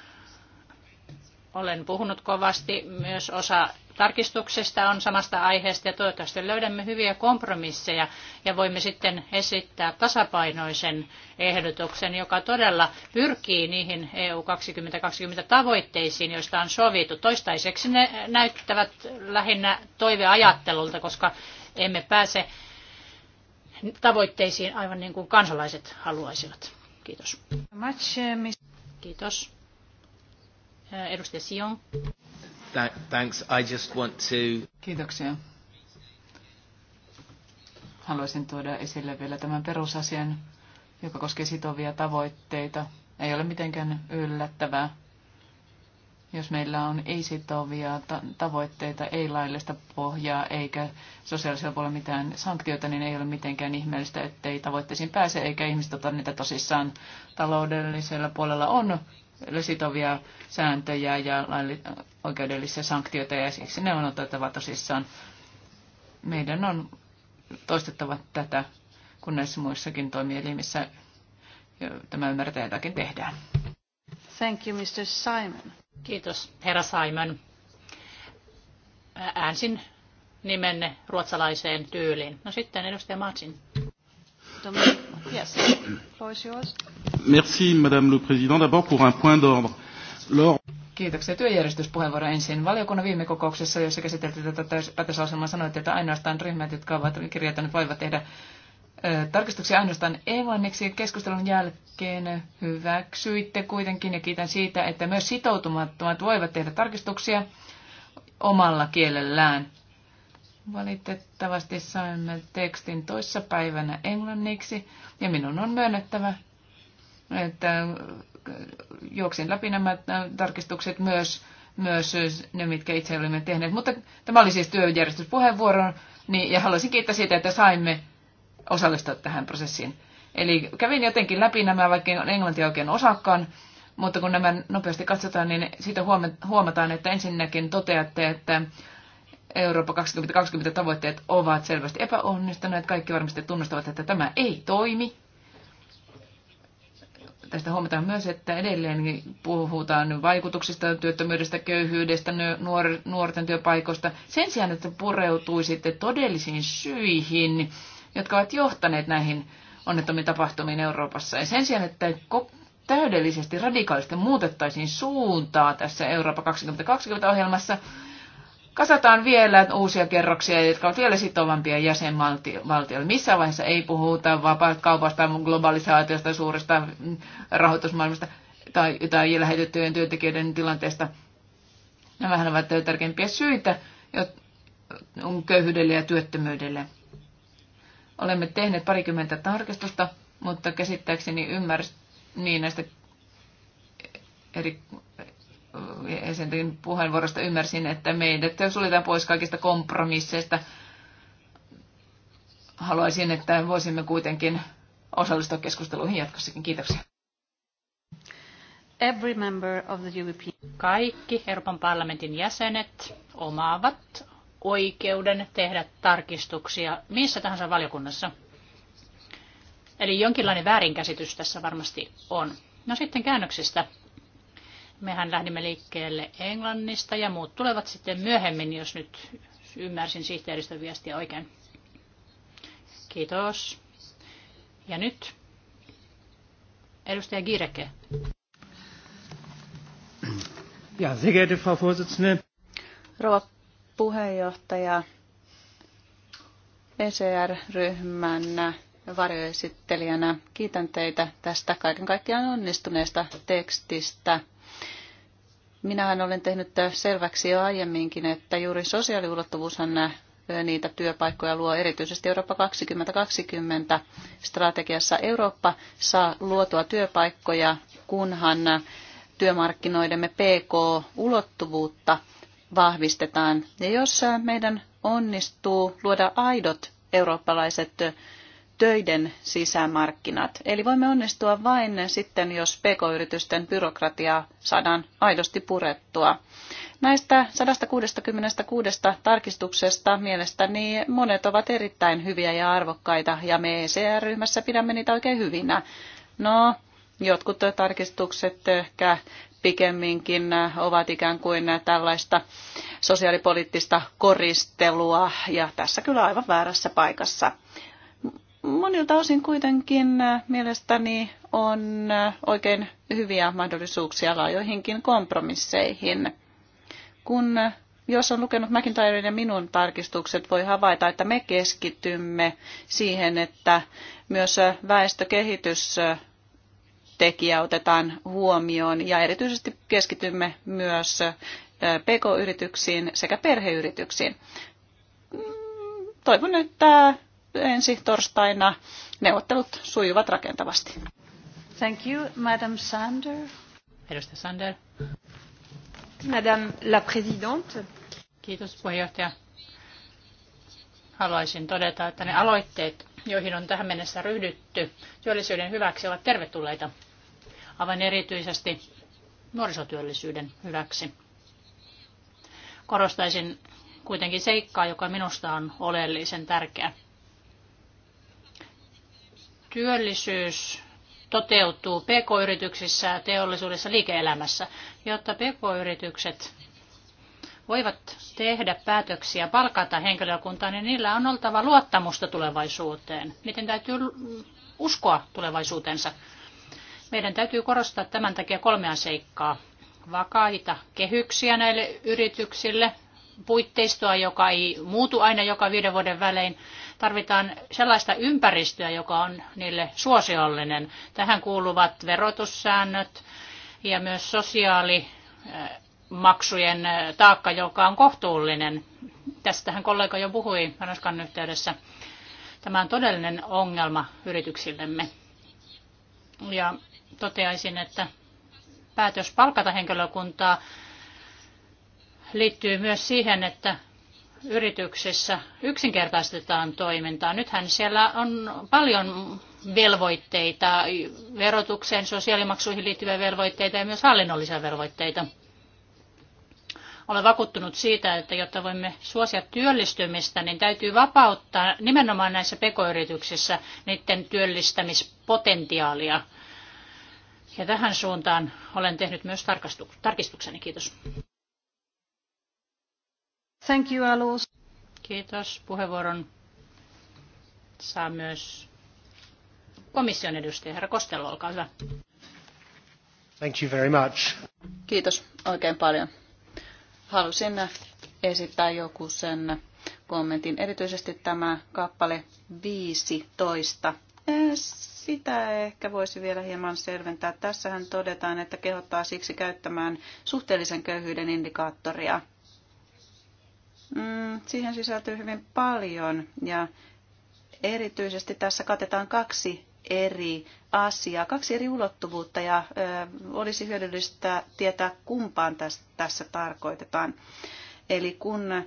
olen puhunut kovasti. Myös osa tarkistuksesta on samasta aiheesta ja toivottavasti löydämme hyviä kompromisseja ja voimme sitten esittää tasapainoisen ehdotuksen, joka todella pyrkii niihin EU 2020 tavoitteisiin, joista on sovittu. Toistaiseksi ne näyttävät lähinnä toiveajattelulta, koska emme pääse tavoitteisiin aivan niin kuin kansalaiset haluaisivat. Kiitos. Uh, Kiitos. Edustaja Sion. Thanks. I just want to... Kiitoksia. Haluaisin tuoda esille vielä tämän perusasian, joka koskee sitovia tavoitteita. Ei ole mitenkään yllättävää, jos meillä on ei-sitovia tavoitteita, ei laillista pohjaa eikä sosiaalisella puolella mitään sanktioita, niin ei ole mitenkään ihmeellistä, ettei tavoitteisiin pääse eikä ihmiset ota niitä tosissaan taloudellisella puolella on sitovia sääntöjä ja oikeudellisia sanktioita ja siksi ne on otettava tosissaan. Meidän on toistettava tätä, kun näissä muissakin toimielimissä tämä ymmärtää jotakin tehdään. Thank you, Mr. Simon. Kiitos, herra Simon. Äänsin nimenne ruotsalaiseen tyyliin. No sitten edustaja Martin. Yes, floor is yours. Merci, Madame le Président. D'abord pour un point d'ordre. Lors... Kiitoksia. Työjärjestyspuheenvuoro ensin. Valiokunnan viime kokouksessa, jossa käsiteltiin tätä päätösasemaa, sanoitte, että ainoastaan ryhmät, jotka ovat kirjoittaneet, voivat tehdä tarkistuksia ainoastaan englanniksi. Keskustelun jälkeen hyväksyitte kuitenkin ja kiitän siitä, että myös sitoutumattomat voivat tehdä tarkistuksia omalla kielellään. Valitettavasti saimme tekstin toissapäivänä englanniksi ja minun on myönnettävä, että juoksin läpi nämä tarkistukset myös, myös ne, mitkä itse olimme tehneet. Mutta tämä oli siis työjärjestyspuheenvuoro, niin, ja haluaisin kiittää siitä, että saimme osallistua tähän prosessiin. Eli kävin jotenkin läpi nämä, vaikka en englantia oikein osaakaan, mutta kun nämä nopeasti katsotaan, niin siitä huomataan, että ensinnäkin toteatte, että Eurooppa 2020 tavoitteet ovat selvästi epäonnistuneet. Kaikki varmasti tunnustavat, että tämä ei toimi tästä huomataan myös, että edelleen puhutaan vaikutuksista, työttömyydestä, köyhyydestä, nuor- nuorten työpaikoista. Sen sijaan, että pureutuisitte todellisiin syihin, jotka ovat johtaneet näihin onnettomiin tapahtumiin Euroopassa. Ja sen sijaan, että täydellisesti radikaalisesti muutettaisiin suuntaa tässä Eurooppa 2020-ohjelmassa, kasataan vielä uusia kerroksia, jotka ovat vielä sitovampia jäsenvaltioille. Missä vaiheessa ei puhuta kaupasta, globalisaatiosta, suuresta mm, rahoitusmaailmasta tai, tai lähetettyjen työntekijöiden tilanteesta. Nämä ovat tärkeimpiä syitä mm, köyhyydelle ja työttömyydelle. Olemme tehneet parikymmentä tarkistusta, mutta käsittääkseni ymmärsin niin näistä eri jäsenten puheenvuorosta ymmärsin, että meidät suljetaan pois kaikista kompromisseista. Haluaisin, että voisimme kuitenkin osallistua keskusteluihin jatkossakin. Kiitoksia. Every member of the European... Kaikki Euroopan parlamentin jäsenet omaavat oikeuden tehdä tarkistuksia missä tahansa valiokunnassa. Eli jonkinlainen väärinkäsitys tässä varmasti on. No sitten käännöksistä. Mehän lähdimme liikkeelle Englannista ja muut tulevat sitten myöhemmin, jos nyt ymmärsin sihteeristön viestiä oikein. Kiitos. Ja nyt edustaja Gireke. Ja, sehr geehrte Frau Vorsitzende. Rouva puheenjohtaja, ECR-ryhmän varjoesittelijänä kiitän teitä tästä kaiken kaikkiaan onnistuneesta tekstistä – Minähän olen tehnyt selväksi jo aiemminkin, että juuri sosiaaliulottuvuushan niitä työpaikkoja luo erityisesti Eurooppa 2020 strategiassa. Eurooppa saa luotua työpaikkoja, kunhan työmarkkinoidemme PK-ulottuvuutta vahvistetaan. Ja jos meidän onnistuu luoda aidot eurooppalaiset töiden sisämarkkinat. Eli voimme onnistua vain sitten, jos pk-yritysten byrokratiaa saadaan aidosti purettua. Näistä 166 tarkistuksesta mielestäni monet ovat erittäin hyviä ja arvokkaita, ja me ECR-ryhmässä pidämme niitä oikein hyvinä. No, jotkut tarkistukset ehkä pikemminkin ovat ikään kuin tällaista sosiaalipoliittista koristelua ja tässä kyllä aivan väärässä paikassa monilta osin kuitenkin äh, mielestäni on äh, oikein hyviä mahdollisuuksia laajoihinkin kompromisseihin. Kun äh, jos on lukenut McIntyren ja minun tarkistukset, voi havaita, että me keskitymme siihen, että myös väestökehitys tekijä otetaan huomioon ja erityisesti keskitymme myös pk-yrityksiin sekä perheyrityksiin. Mm, toivon, että ensi torstaina neuvottelut sujuvat rakentavasti. Thank you, Madam Sander. Edustaja Sander. Madame la Présidente. Kiitos puheenjohtaja. Haluaisin todeta, että ne aloitteet, joihin on tähän mennessä ryhdytty työllisyyden hyväksi, ovat tervetulleita. Aivan erityisesti nuorisotyöllisyyden hyväksi. Korostaisin kuitenkin seikkaa, joka minusta on oleellisen tärkeä työllisyys toteutuu pk-yrityksissä, teollisuudessa, liike-elämässä, jotta pk-yritykset voivat tehdä päätöksiä palkata henkilökuntaa, niin niillä on oltava luottamusta tulevaisuuteen. Miten täytyy uskoa tulevaisuutensa? Meidän täytyy korostaa tämän takia kolmea seikkaa. Vakaita kehyksiä näille yrityksille, puitteistoa, joka ei muutu aina joka viiden vuoden välein. Tarvitaan sellaista ympäristöä, joka on niille suosiollinen. Tähän kuuluvat verotussäännöt ja myös sosiaalimaksujen eh, eh, taakka, joka on kohtuullinen. Tästähän kollega jo puhui Ranskan yhteydessä. Tämä on todellinen ongelma yrityksillemme. Ja toteaisin, että päätös palkata henkilökuntaa liittyy myös siihen, että yrityksessä yksinkertaistetaan toimintaa. Nythän siellä on paljon velvoitteita, verotukseen, sosiaalimaksuihin liittyviä velvoitteita ja myös hallinnollisia velvoitteita. Olen vakuuttunut siitä, että jotta voimme suosia työllistymistä, niin täytyy vapauttaa nimenomaan näissä pekoyrityksissä niiden työllistämispotentiaalia. Ja tähän suuntaan olen tehnyt myös tarkistukseni. Kiitos. Thank you, Alus. Kiitos. Puheenvuoron saa myös komission edustaja. Herra Kostello, olkaa hyvä. Thank you very much. Kiitos oikein paljon. Halusin esittää joku sen kommentin. Erityisesti tämä kappale 15. Sitä ehkä voisi vielä hieman selventää. Tässähän todetaan, että kehottaa siksi käyttämään suhteellisen köyhyyden indikaattoria – Mm, siihen sisältyy hyvin paljon ja erityisesti tässä katetaan kaksi eri asiaa, kaksi eri ulottuvuutta ja ö, olisi hyödyllistä tietää kumpaan tässä, tässä tarkoitetaan. Eli kun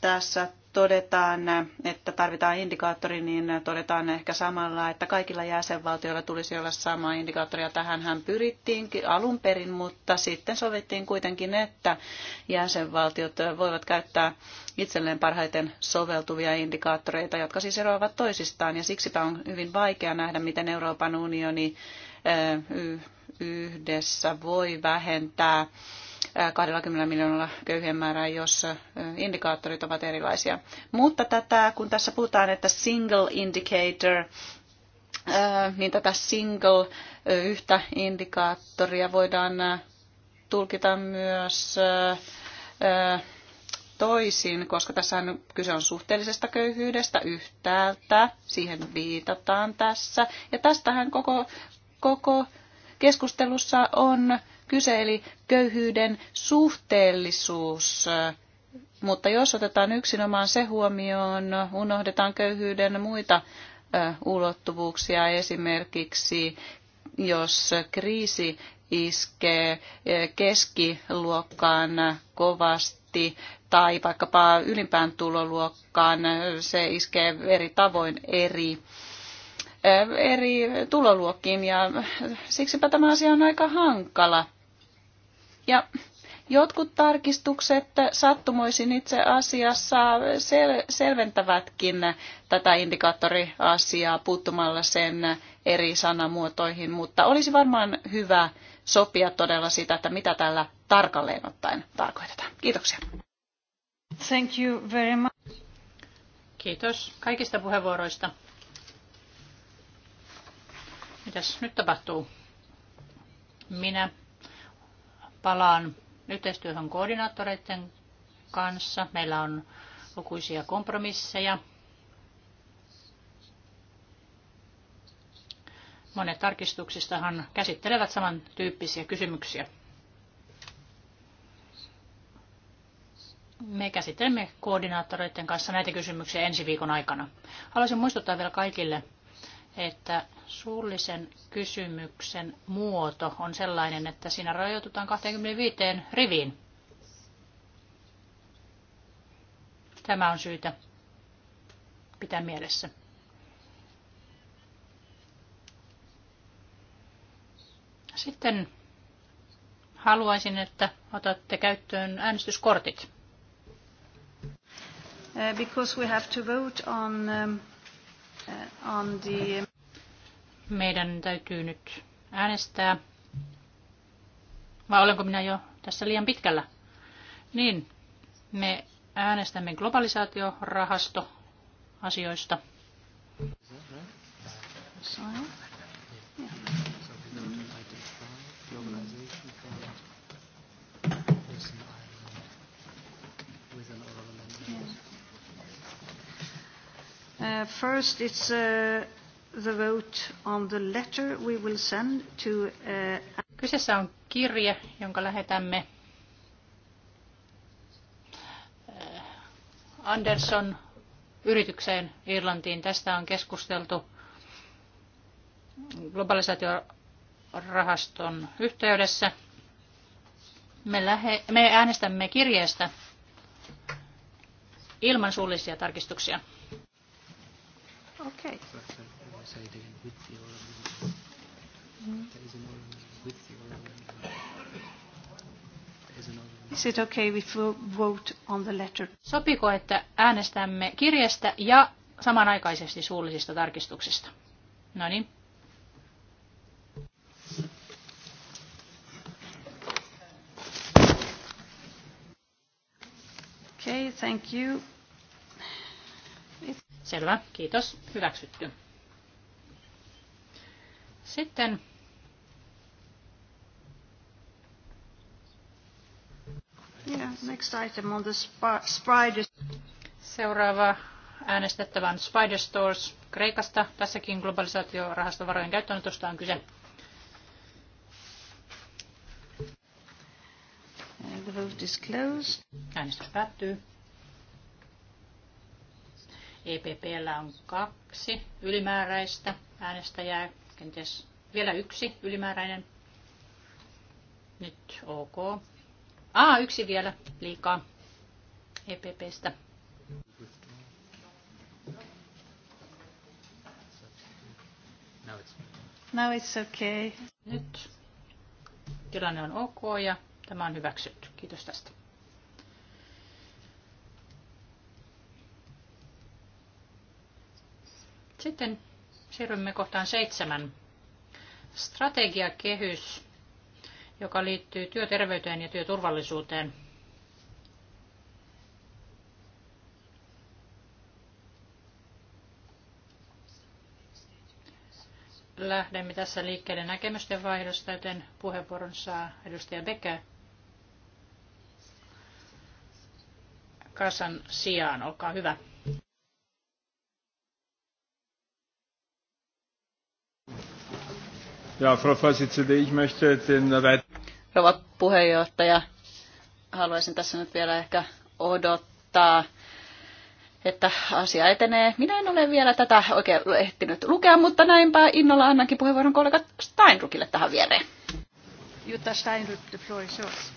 tässä todetaan, että tarvitaan indikaattori, niin todetaan ehkä samalla, että kaikilla jäsenvaltioilla tulisi olla sama indikaattori, ja tähänhän pyrittiinkin alun perin, mutta sitten sovittiin kuitenkin, että jäsenvaltiot voivat käyttää itselleen parhaiten soveltuvia indikaattoreita, jotka siis eroavat toisistaan, ja siksipä on hyvin vaikea nähdä, miten Euroopan unioni yhdessä voi vähentää 20 miljoonalla köyhien määrää, jos indikaattorit ovat erilaisia. Mutta tätä, kun tässä puhutaan, että single indicator, niin tätä single yhtä indikaattoria voidaan tulkita myös toisin, koska tässä on kyse on suhteellisesta köyhyydestä yhtäältä, siihen viitataan tässä. Ja tästähän koko, koko keskustelussa on kyse, eli köyhyyden suhteellisuus. Mutta jos otetaan yksinomaan se huomioon, unohdetaan köyhyyden muita ulottuvuuksia, esimerkiksi jos kriisi iskee keskiluokkaan kovasti tai vaikkapa ylimpään tuloluokkaan, se iskee eri tavoin eri eri tuloluokkiin ja siksipä tämä asia on aika hankala. Ja jotkut tarkistukset sattumoisin itse asiassa sel- selventävätkin tätä indikaattoriasiaa puuttumalla sen eri sanamuotoihin, mutta olisi varmaan hyvä sopia todella sitä, että mitä tällä tarkalleen ottaen tarkoitetaan. Kiitoksia. Thank you very much. Kiitos kaikista puheenvuoroista. Mitäs nyt tapahtuu? Minä Palaan yhteistyöhön koordinaattoreiden kanssa. Meillä on lukuisia kompromisseja. Monet tarkistuksistahan käsittelevät samantyyppisiä kysymyksiä. Me käsittelemme koordinaattoreiden kanssa näitä kysymyksiä ensi viikon aikana. Haluaisin muistuttaa vielä kaikille että suullisen kysymyksen muoto on sellainen, että siinä rajoitutaan 25 riviin. Tämä on syytä pitää mielessä. Sitten haluaisin, että otatte käyttöön äänestyskortit. Uh, because we have to vote on um, on the... Meidän täytyy nyt äänestää. Vai olenko minä jo tässä liian pitkällä? Niin, me äänestämme globalisaatiorahasto asioista. Sorry. Uh, first, it's uh, the vote on the letter we will send to... Uh, Kyseessä on kirje, jonka lähetämme Anderson yritykseen Irlantiin. Tästä on keskusteltu globalisaatiorahaston yhteydessä. Me, lähe, me äänestämme kirjeestä ilman suullisia tarkistuksia. Okay. Mm-hmm. Is it okay if we vote on the letter? Sopiko, että äänestämme kirjasta ja samanaikaisesti suullisista tarkistuksista? No niin. Okay, thank you. Selvä, kiitos. Hyväksytty. Sitten Yeah, next item on the spider. Seuraava äänestettävä on Spider Stores Kreikasta. Tässäkin globalisaatiorahastovarojen käyttöönotosta on kyse. The vote is closed. Äänestys päättyy. EPPllä on kaksi ylimääräistä äänestäjää, kenties vielä yksi ylimääräinen. Nyt ok. A, yksi vielä liikaa EPPstä. Now it's okay. Nyt tilanne on ok ja tämä on hyväksytty. Kiitos tästä. Sitten siirrymme kohtaan seitsemän. Strategiakehys, joka liittyy työterveyteen ja työturvallisuuteen. lähdemme tässä liikkeelle näkemysten vaihdosta, joten puheenvuoron saa edustaja Bekä. Kasan sijaan, olkaa hyvä. Ja, Frau Vorsitzende, ich möchte den... Rouva puheenjohtaja, haluaisin tässä nyt vielä ehkä odottaa, että asia etenee. Minä en ole vielä tätä oikein ehtinyt lukea, mutta näinpä innolla annankin puheenvuoron kollega Steinrukille tähän viereen. Jutta Steinruk, the floor is yours.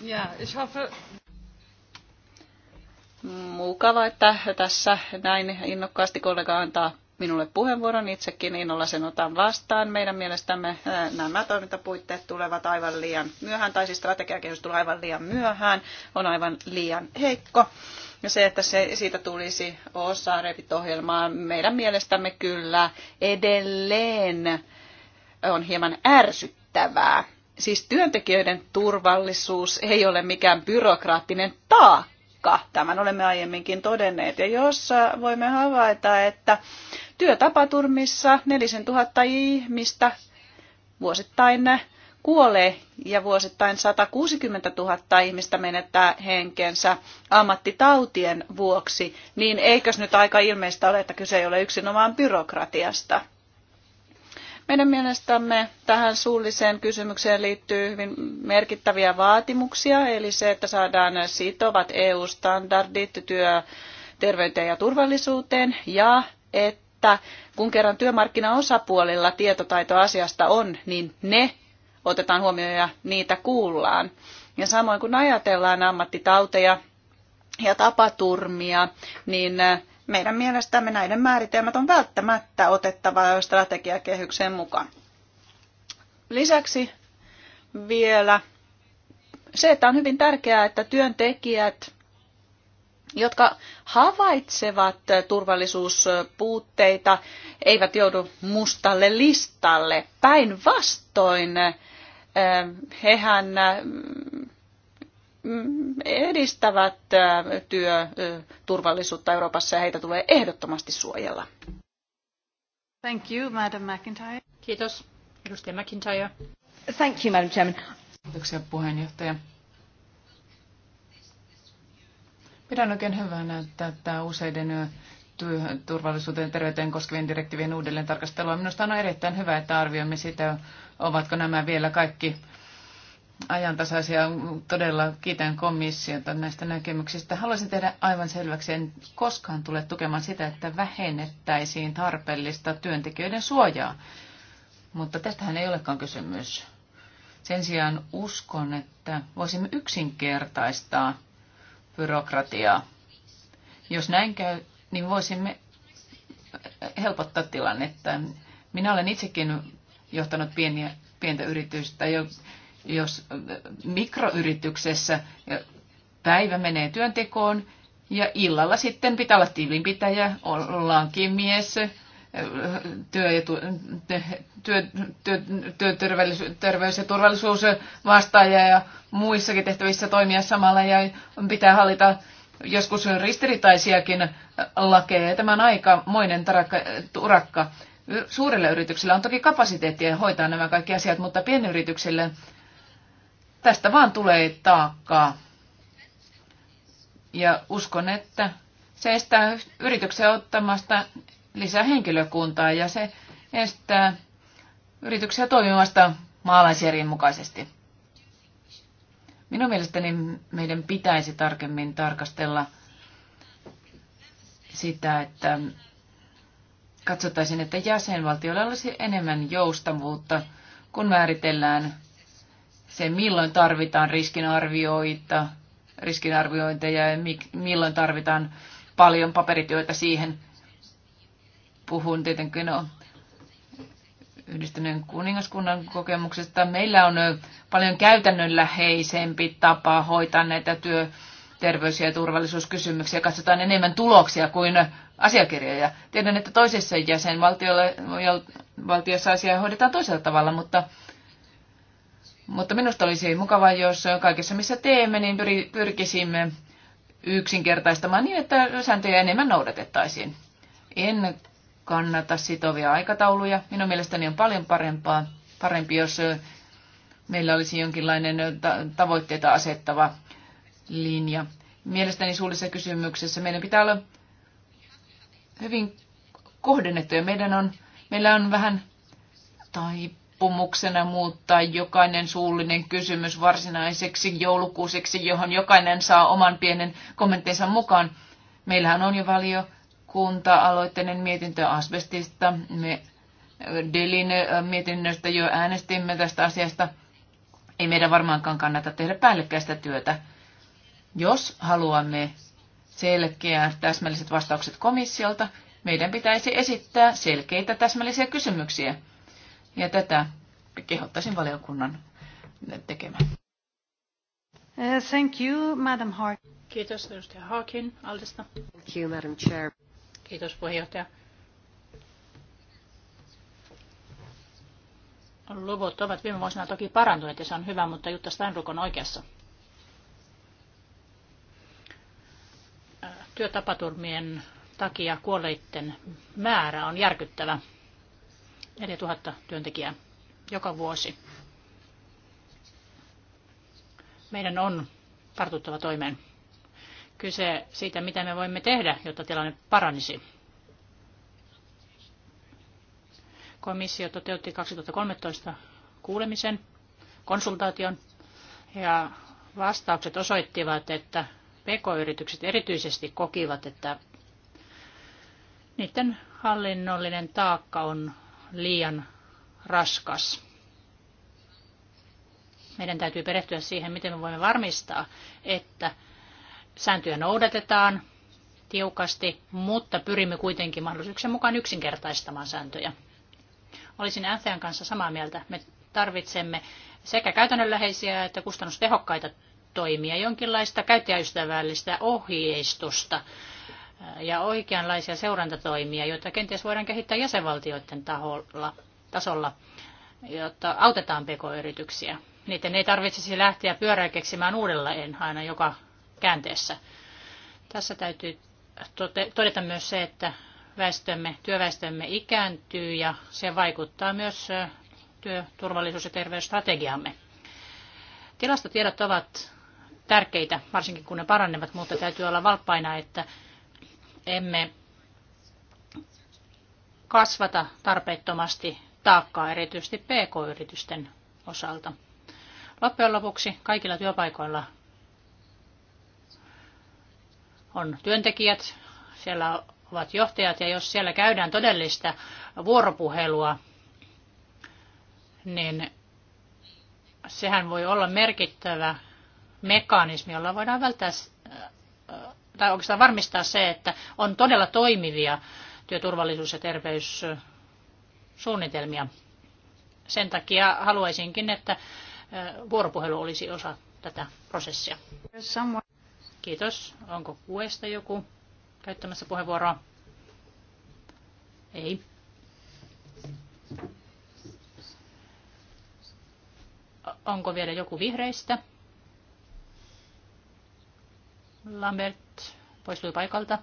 Ja, ich hoffe... Mukava, että tässä näin innokkaasti kollega antaa minulle puheenvuoron itsekin innolla sen otan vastaan. Meidän mielestämme nämä toimintapuitteet tulevat aivan liian myöhään, tai siis strategiakehys tulee aivan liian myöhään, on aivan liian heikko. Ja se, että se, siitä tulisi osa revitohjelmaa, meidän mielestämme kyllä edelleen on hieman ärsyttävää. Siis työntekijöiden turvallisuus ei ole mikään byrokraattinen taakka. Tämän olemme aiemminkin todenneet. Ja jos voimme havaita, että Työtapaturmissa nelisen tuhatta ihmistä vuosittain kuolee ja vuosittain 160 000 ihmistä menettää henkensä ammattitautien vuoksi, niin eikös nyt aika ilmeistä ole, että kyse ei ole yksinomaan byrokratiasta? Meidän mielestämme tähän suulliseen kysymykseen liittyy hyvin merkittäviä vaatimuksia, eli se, että saadaan sitovat EU-standardit työ, terveyteen ja turvallisuuteen ja että että kun kerran työmarkkinaosapuolilla tietotaito asiasta on, niin ne otetaan huomioon ja niitä kuullaan. Ja samoin kun ajatellaan ammattitauteja ja tapaturmia, niin äh, meidän mielestämme näiden määritelmät on välttämättä otettava strategiakehykseen mukaan. Lisäksi vielä se, että on hyvin tärkeää, että työntekijät jotka havaitsevat turvallisuuspuutteita, eivät joudu mustalle listalle. Päinvastoin eh, hehän eh, edistävät eh, työturvallisuutta Euroopassa ja heitä tulee ehdottomasti suojella. Thank you, Madam McIntyre. Kiitos, edustaja McIntyre. Thank you, Madam Chairman. Kiitoksia puheenjohtaja Pidän oikein hyvänä tämä useiden turvallisuuteen ja terveyteen koskevien direktiivien uudelleen tarkastelua. Minusta on erittäin hyvä, että arvioimme sitä, ovatko nämä vielä kaikki ajantasaisia. Todella kiitän komissiota näistä näkemyksistä. Haluaisin tehdä aivan selväksi, en koskaan tule tukemaan sitä, että vähennettäisiin tarpeellista työntekijöiden suojaa. Mutta tästähän ei olekaan kysymys. Sen sijaan uskon, että voisimme yksinkertaistaa byrokratiaa. Jos näin käy, niin voisimme helpottaa tilannetta. Minä olen itsekin johtanut pieniä, pientä yritystä, jos mikroyrityksessä päivä menee työntekoon ja illalla sitten pitää olla tilinpitäjä, ollaankin mies, työ- ja työ, työ, terveys- ja turvallisuus vastaajia ja muissakin tehtävissä toimia samalla ja pitää hallita joskus ristiriitaisiakin lakeja. Tämä on aikamoinen tarakka, turakka. Suurilla yrityksillä on toki kapasiteettia hoitaa nämä kaikki asiat, mutta pienyrityksille tästä vaan tulee taakkaa. Ja uskon, että se estää yrityksen ottamasta lisää henkilökuntaa ja se estää yrityksiä toimimasta maalaisjärjen mukaisesti. Minun mielestäni meidän pitäisi tarkemmin tarkastella sitä, että katsottaisiin, että jäsenvaltioilla olisi enemmän joustavuutta, kun määritellään se, milloin tarvitaan riskinarvioita, riskinarviointeja ja milloin tarvitaan paljon paperityötä siihen puhun tietenkin no, yhdistyneen kuningaskunnan kokemuksesta. Meillä on paljon käytännönläheisempi tapa hoitaa näitä työ, terveys- ja turvallisuuskysymyksiä. Katsotaan enemmän tuloksia kuin asiakirjoja. Tiedän, että toisessa jäsenvaltiossa asiaa hoidetaan toisella tavalla, mutta, mutta minusta olisi mukavaa, jos kaikessa missä teemme, niin pyrkisimme yksinkertaistamaan niin, että sääntöjä enemmän noudatettaisiin. En kannata sitovia aikatauluja. Minun mielestäni on paljon parempaa, parempi, jos meillä olisi jonkinlainen tavoitteita asettava linja. Mielestäni suullisessa kysymyksessä meidän pitää olla hyvin kohdennettuja. Meidän on, meillä on vähän taipumuksena muuttaa jokainen suullinen kysymys varsinaiseksi joulukuuseksi, johon jokainen saa oman pienen kommenttinsa mukaan. Meillähän on jo valio kunta-aloitteinen mietintö asbestista. Me Delin äh, mietinnöstä jo äänestimme tästä asiasta. Ei meidän varmaankaan kannata tehdä päällekkäistä työtä. Jos haluamme selkeät täsmälliset vastaukset komissiolta, meidän pitäisi esittää selkeitä täsmällisiä kysymyksiä. Ja tätä kehottaisin valiokunnan tekemään. Uh, thank you, Madam Harkin. Kiitos, edustaja Harkin. Aldista. Thank you, Madam Chair. Kiitos puheenjohtaja. Luvut ovat viime vuosina toki parantuneet ja se on hyvä, mutta Jutta Steinruck on oikeassa. Työtapaturmien takia kuolleiden määrä on järkyttävä. 4000 työntekijää joka vuosi. Meidän on tartuttava toimeen kyse siitä, mitä me voimme tehdä, jotta tilanne paranisi. Komissio toteutti 2013 kuulemisen, konsultaation ja vastaukset osoittivat, että PK-yritykset erityisesti kokivat, että niiden hallinnollinen taakka on liian raskas. Meidän täytyy perehtyä siihen, miten me voimme varmistaa, että sääntöjä noudatetaan tiukasti, mutta pyrimme kuitenkin mahdollisuuksien mukaan yksinkertaistamaan sääntöjä. Olisin NCN kanssa samaa mieltä. Me tarvitsemme sekä käytännönläheisiä että kustannustehokkaita toimia, jonkinlaista käyttäjäystävällistä ohjeistusta ja oikeanlaisia seurantatoimia, joita kenties voidaan kehittää jäsenvaltioiden taholla, tasolla, jotta autetaan pk-yrityksiä. Niiden ei tarvitsisi lähteä pyörää keksimään uudelleen aina joka käänteessä. Tässä täytyy todeta myös se, että väestömme, työväestömme ikääntyy ja se vaikuttaa myös työturvallisuus- ja terveysstrategiamme. Tilastotiedot ovat tärkeitä, varsinkin kun ne parannevat, mutta täytyy olla valppaina, että emme kasvata tarpeettomasti taakkaa erityisesti pk-yritysten osalta. Loppujen lopuksi kaikilla työpaikoilla on työntekijät, siellä ovat johtajat ja jos siellä käydään todellista vuoropuhelua, niin sehän voi olla merkittävä mekanismi, jolla voidaan välttää äh, tai oikeastaan varmistaa se, että on todella toimivia työturvallisuus- ja terveyssuunnitelmia. Sen takia haluaisinkin, että äh, vuoropuhelu olisi osa tätä prosessia. Kiitos. Onko kuesta joku käyttämässä puheenvuoroa? Ei. Onko vielä joku vihreistä? Lambert poistui paikalta.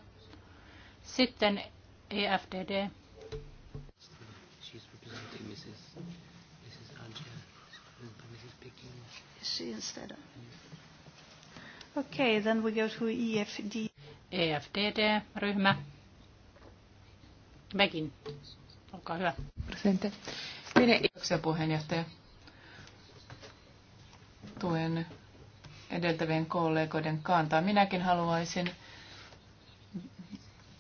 Sitten EFDD. She instead of. Okay, then we go to EFD. EFDD-ryhmä. Mekin, olkaa hyvä. Presidente. Minä kiitoksia puheenjohtaja. Tuen edeltävien kollegoiden kantaa. Minäkin haluaisin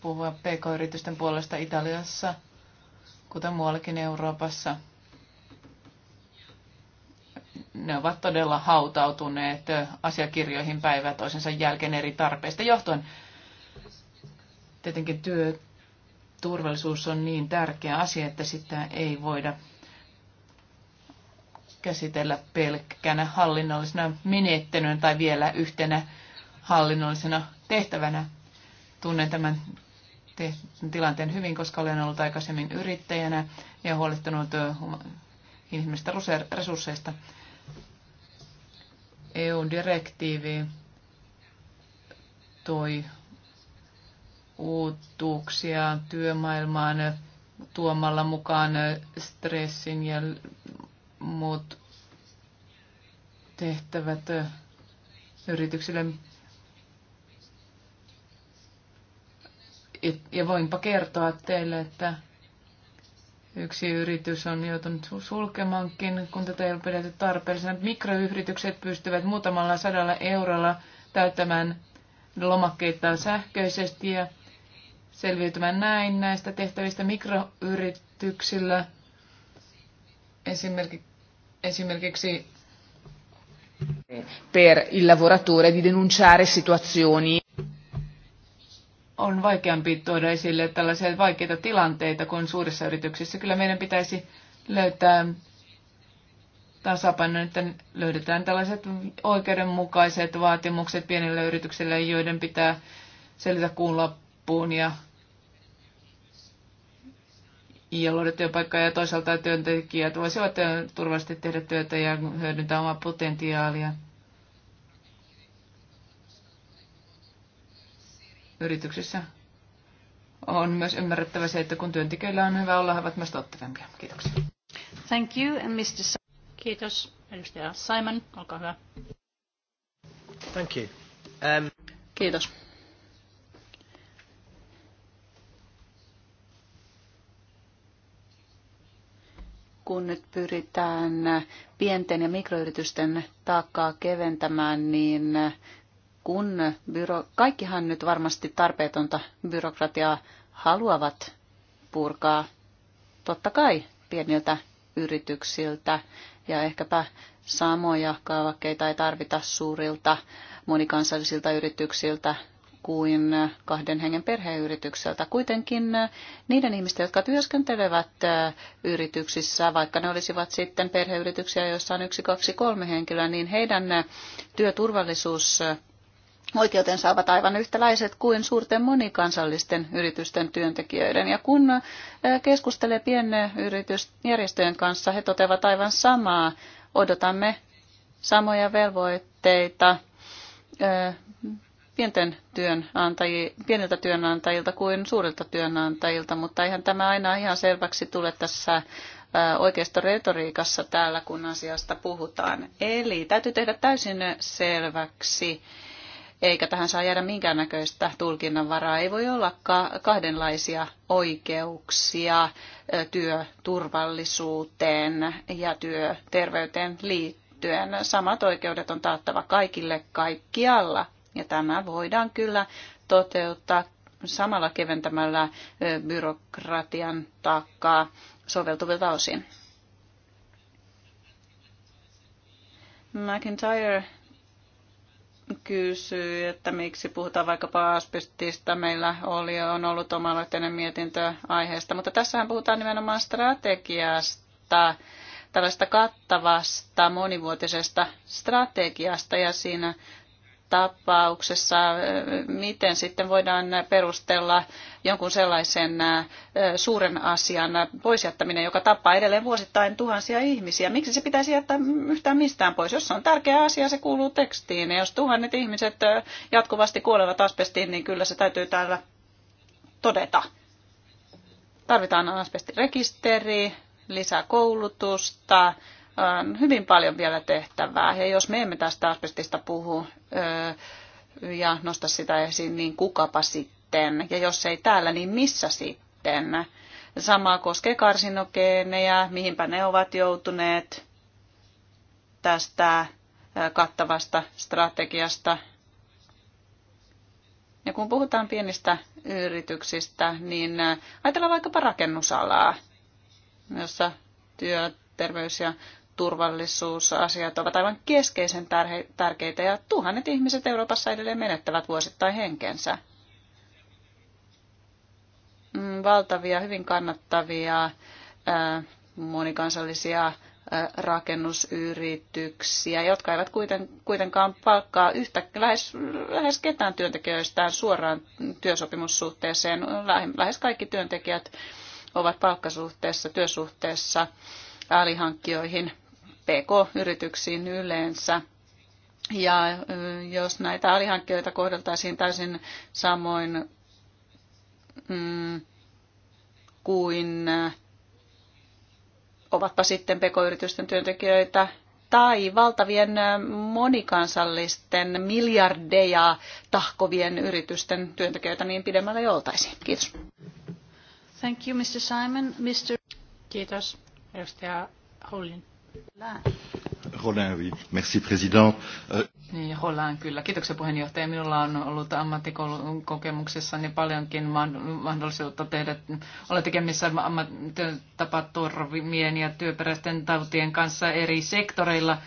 puhua pk-yritysten puolesta Italiassa, kuten muuallakin Euroopassa – ne ovat todella hautautuneet asiakirjoihin päivä toisensa jälkeen eri tarpeista johtuen. Tietenkin työturvallisuus on niin tärkeä asia, että sitä ei voida käsitellä pelkkänä hallinnollisena menettelynä tai vielä yhtenä hallinnollisena tehtävänä. Tunnen tämän tilanteen hyvin, koska olen ollut aikaisemmin yrittäjänä ja huolehtunut ihmisten resursseista EU-direktiivi toi uutuuksia työmaailmaan tuomalla mukaan stressin ja muut tehtävät yrityksille. Ja voinpa kertoa teille, että Yksi yritys on joutunut sulkemankin, kun tätä ei ole pidetty tarpeellisena. Mikroyritykset pystyvät muutamalla sadalla eurolla täyttämään lomakkeita sähköisesti ja selviytymään näin näistä tehtävistä mikroyrityksillä. Esimerk, esimerkiksi per il lavoratore di denunciare situazioni on vaikeampi tuoda esille tällaisia vaikeita tilanteita kuin suurissa yrityksissä. Kyllä meidän pitäisi löytää tasapaino, että löydetään tällaiset oikeudenmukaiset vaatimukset pienille yrityksille, joiden pitää selvitä kuun lappuun ja, ja luoda työpaikkaa ja toisaalta työntekijät voisivat turvallisesti tehdä työtä ja hyödyntää omaa potentiaalia. yrityksissä on myös ymmärrettävä se, että kun työntekijöillä on hyvä olla, he ovat myös tuottavimpia. Kiitoksia. Thank you and Mr. Simon. Kiitos. Edustaja Simon, olkaa hyvä. Thank you. Um... Kiitos. kun nyt pyritään pienten ja mikroyritysten taakkaa keventämään, niin kun byro, kaikkihan nyt varmasti tarpeetonta byrokratiaa haluavat purkaa, totta kai pieniltä yrityksiltä ja ehkäpä samoja kaavakkeita ei tarvita suurilta monikansallisilta yrityksiltä kuin kahden hengen perheyritykseltä. Kuitenkin niiden ihmisten, jotka työskentelevät yrityksissä, vaikka ne olisivat sitten perheyrityksiä, joissa on yksi, kaksi, kolme henkilöä, niin heidän työturvallisuus oikeuteen saavat aivan yhtäläiset kuin suurten monikansallisten yritysten työntekijöiden. Ja kun keskustelee pienen yritysjärjestöjen kanssa, he toteavat aivan samaa. Odotamme samoja velvoitteita pienten työnantaji, pieniltä työnantajilta kuin suurilta työnantajilta, mutta eihän tämä aina ihan selväksi tule tässä oikeistoretoriikassa täällä, kun asiasta puhutaan. Eli täytyy tehdä täysin selväksi, eikä tähän saa jäädä minkäännäköistä tulkinnanvaraa. Ei voi olla kahdenlaisia oikeuksia työturvallisuuteen ja työterveyteen liittyen. Samat oikeudet on taattava kaikille kaikkialla, ja tämä voidaan kyllä toteuttaa samalla keventämällä byrokratian taakkaa soveltuvilta osin. McIntyre kysyi, että miksi puhutaan vaikkapa asbestista. Meillä oli, on ollut omaloitteinen mietintö aiheesta, mutta tässähän puhutaan nimenomaan strategiasta, tällaista kattavasta monivuotisesta strategiasta ja siinä tapauksessa, miten sitten voidaan perustella jonkun sellaisen suuren asian poisjättäminen, joka tappaa edelleen vuosittain tuhansia ihmisiä. Miksi se pitäisi jättää yhtään mistään pois? Jos se on tärkeä asia, se kuuluu tekstiin. Ja jos tuhannet ihmiset jatkuvasti kuolevat asbestiin, niin kyllä se täytyy täällä todeta. Tarvitaan asbestirekisteri, lisää koulutusta, on hyvin paljon vielä tehtävää. Ja jos me emme tästä asbestista puhu ja nosta sitä esiin, niin kukapa sitten? Ja jos ei täällä, niin missä sitten? Sama koskee karsinogeeneja, mihinpä ne ovat joutuneet tästä kattavasta strategiasta. Ja kun puhutaan pienistä yrityksistä, niin ajatellaan vaikkapa rakennusalaa, jossa työterveys ja turvallisuusasiat ovat aivan keskeisen tärkeitä ja tuhannet ihmiset Euroopassa edelleen menettävät vuosittain henkensä. Mm, valtavia, hyvin kannattavia monikansallisia rakennusyrityksiä, jotka eivät kuitenkaan palkkaa yhtä, lähes, lähes ketään työntekijöistään suoraan työsopimussuhteeseen. Lähes kaikki työntekijät ovat palkkasuhteessa, työsuhteessa alihankkijoihin – PK-yrityksiin yleensä. Ja jos näitä alihankkijoita kohdeltaisiin täysin samoin mm, kuin ovatpa sitten pk-yritysten työntekijöitä tai valtavien monikansallisten miljardeja tahkovien yritysten työntekijöitä, niin pidemmällä ei oltaisi. Kiitos. Thank you, Mr. Simon. Mr. Kiitos, edustaja Hollin. Euh, niin, Roland, kyllä. Kiitoksia puheenjohtaja. Minulla on ollut ammattikokemuksessani paljonkin mahdollisuutta tehdä, Olen tekemissä tapaturmien ja työperäisten tautien kanssa eri sektoreilla.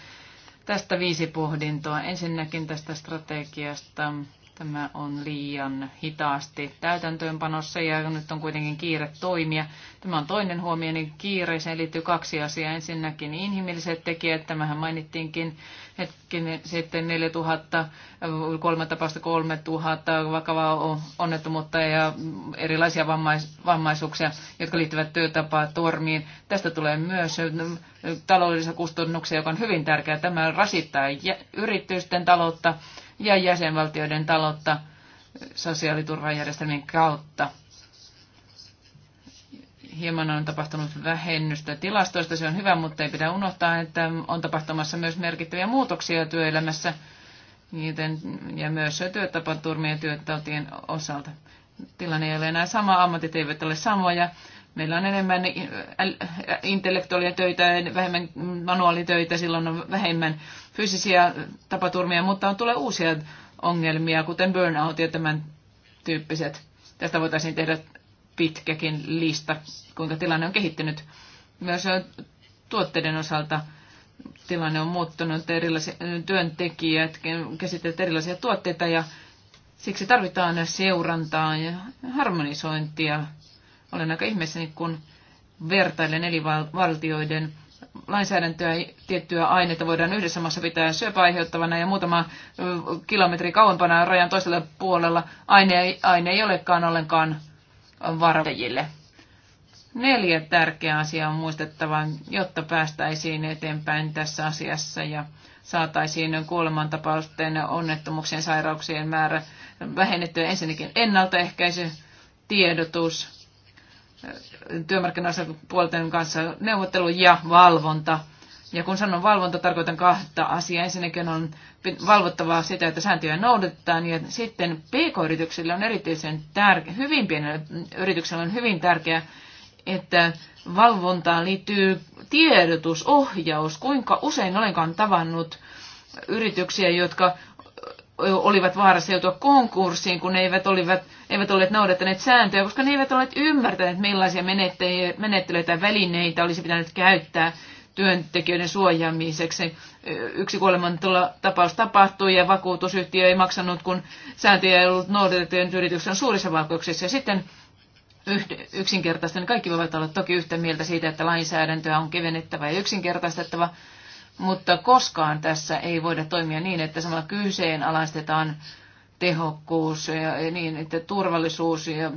Tästä viisi pohdintoa. Ensinnäkin tästä strategiasta tämä on liian hitaasti täytäntöönpanossa ja nyt on kuitenkin kiire toimia. Tämä on toinen huomio, niin kiireeseen liittyy kaksi asiaa. Ensinnäkin inhimilliset tekijät, tämähän mainittiinkin hetken sitten 4000, kolme tapausta 3000 vakavaa onnettomuutta ja erilaisia vammais, vammaisuuksia, jotka liittyvät työtapaa tormiin. Tästä tulee myös taloudellisia kustannuksia, joka on hyvin tärkeää. Tämä rasittaa yritysten taloutta ja jäsenvaltioiden taloutta sosiaaliturvajärjestelmien kautta. Hieman on tapahtunut vähennystä tilastoista, se on hyvä, mutta ei pidä unohtaa, että on tapahtumassa myös merkittäviä muutoksia työelämässä ja myös työtapaturmien ja työtautien osalta. Tilanne ei ole enää sama, ammatit eivät ole samoja meillä on enemmän äh, äh, intellektuaalia töitä ja vähemmän manuaalitöitä, silloin on vähemmän fyysisiä tapaturmia, mutta on tulee uusia ongelmia, kuten burnout ja tämän tyyppiset. Tästä voitaisiin tehdä pitkäkin lista, kuinka tilanne on kehittynyt. Myös äh, tuotteiden osalta tilanne on muuttunut, erilaisia työntekijät käsittelevät erilaisia tuotteita ja siksi tarvitaan seurantaa ja harmonisointia olen aika ihmeessäni, kun vertailen eri valtioiden lainsäädäntöä tiettyä aineita voidaan yhdessä maassa pitää syöpäaiheuttavana aiheuttavana ja muutama kilometri kauempana rajan toisella puolella aine, aine ei olekaan ollenkaan varoittajille. Neljä tärkeää asiaa on muistettava, jotta päästäisiin eteenpäin tässä asiassa ja saataisiin kuolemantapausten onnettomuuksien sairauksien määrä vähennettyä ensinnäkin ennaltaehkäisy, tiedotus, työmarkkinaosapuolten kanssa neuvottelu ja valvonta. Ja kun sanon valvonta, tarkoitan kahta asiaa. Ensinnäkin on valvottavaa sitä, että sääntöjä noudatetaan, ja sitten pk-yrityksillä on erityisen tärkeä, hyvin pienellä yrityksellä on hyvin tärkeää, että valvontaan liittyy tiedotusohjaus. Kuinka usein olenkaan tavannut yrityksiä, jotka olivat vaarassa joutua konkurssiin, kun ne eivät, olivat, eivät olleet noudattaneet sääntöjä, koska ne eivät olleet ymmärtäneet, millaisia menettelyitä ja välineitä olisi pitänyt käyttää työntekijöiden suojaamiseksi. Yksi kuoleman tapaus tapahtui ja vakuutusyhtiö ei maksanut, kun sääntöjä ei ollut noudatettu yrityksen suurissa vaikeuksissa. Ja sitten yksinkertaista, niin kaikki voivat olla toki yhtä mieltä siitä, että lainsäädäntöä on kevennettävä ja yksinkertaistettava, mutta koskaan tässä ei voida toimia niin, että samalla kyseenalaistetaan tehokkuus ja niin, että turvallisuus ja,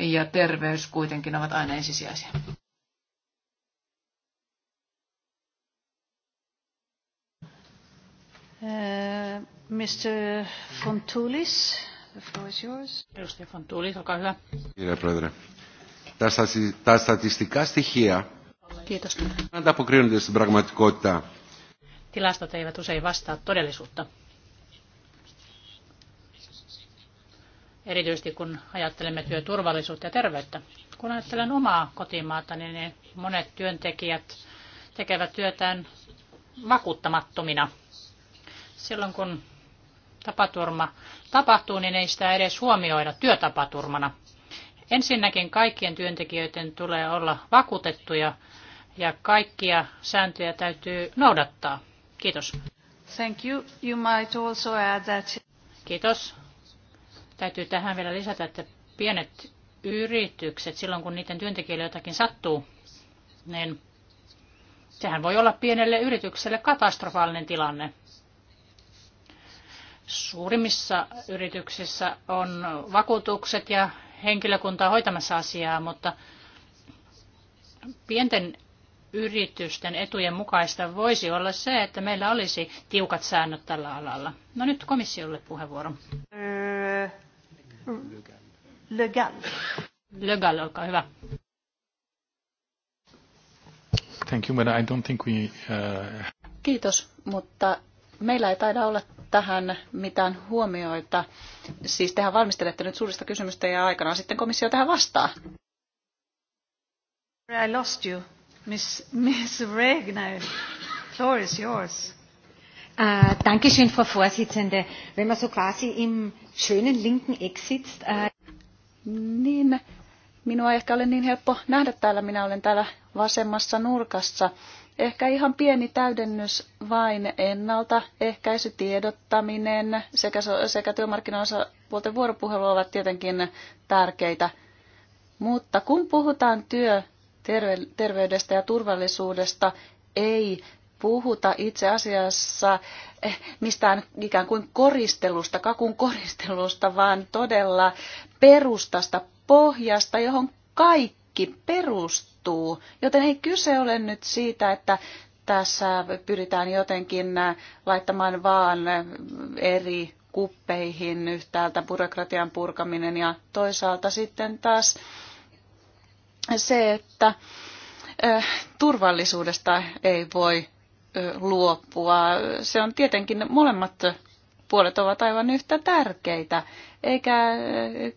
ja terveys kuitenkin ovat aina ensisijaisia. Uh, Mr. Fontulis, the floor is yours. Edustaja Fontoulis, olkaa hyvä. Κύριε Πρόεδρε, τα, στατιστικά στοιχεία Kiitos. ανταποκρίνονται στην πραγματικότητα Tilastot eivät usein vastaa todellisuutta. Erityisesti kun ajattelemme työturvallisuutta ja terveyttä. Kun ajattelen omaa kotimaata, niin monet työntekijät tekevät työtään vakuuttamattomina. Silloin kun tapaturma tapahtuu, niin ei sitä edes huomioida työtapaturmana. Ensinnäkin kaikkien työntekijöiden tulee olla vakuutettuja ja kaikkia sääntöjä täytyy noudattaa. Kiitos. Thank you. You might also add that... Kiitos. Täytyy tähän vielä lisätä, että pienet yritykset, silloin kun niiden työntekijöille jotakin sattuu, niin sehän voi olla pienelle yritykselle katastrofaalinen tilanne. Suurimmissa yrityksissä on vakuutukset ja henkilökuntaa hoitamassa asiaa, mutta pienten yritysten etujen mukaista voisi olla se, että meillä olisi tiukat säännöt tällä alalla. No nyt komissiolle puheenvuoro. Legal, legal Le olkaa hyvä. Thank you, but I don't think we, uh... Kiitos, mutta meillä ei taida olla tähän mitään huomioita. Siis tehän valmistelette nyt suurista kysymystä ja aikanaan sitten komissio tähän vastaa. I lost you. Miss, Miss Regner, floor is yours. Äh, Frau Vorsitzende. Wenn man so quasi im schönen linken Eck sitzt. Äh niin, minua ehkä ole niin helppo nähdä täällä. Minä olen täällä vasemmassa nurkassa. Ehkä ihan pieni täydennys vain ennalta, ehkäisy, tiedottaminen sekä, sekä työmarkkinaosapuolten vuoropuhelu ovat tietenkin tärkeitä. Mutta kun puhutaan työ terveydestä ja turvallisuudesta ei puhuta itse asiassa eh, mistään ikään kuin koristelusta, kakun koristelusta, vaan todella perustasta, pohjasta, johon kaikki perustuu. Joten ei kyse ole nyt siitä, että tässä pyritään jotenkin eh, laittamaan vaan eh, eri kuppeihin yhtäältä byrokratian purkaminen ja toisaalta sitten taas se, että turvallisuudesta ei voi luopua. Se on tietenkin, molemmat puolet ovat aivan yhtä tärkeitä, eikä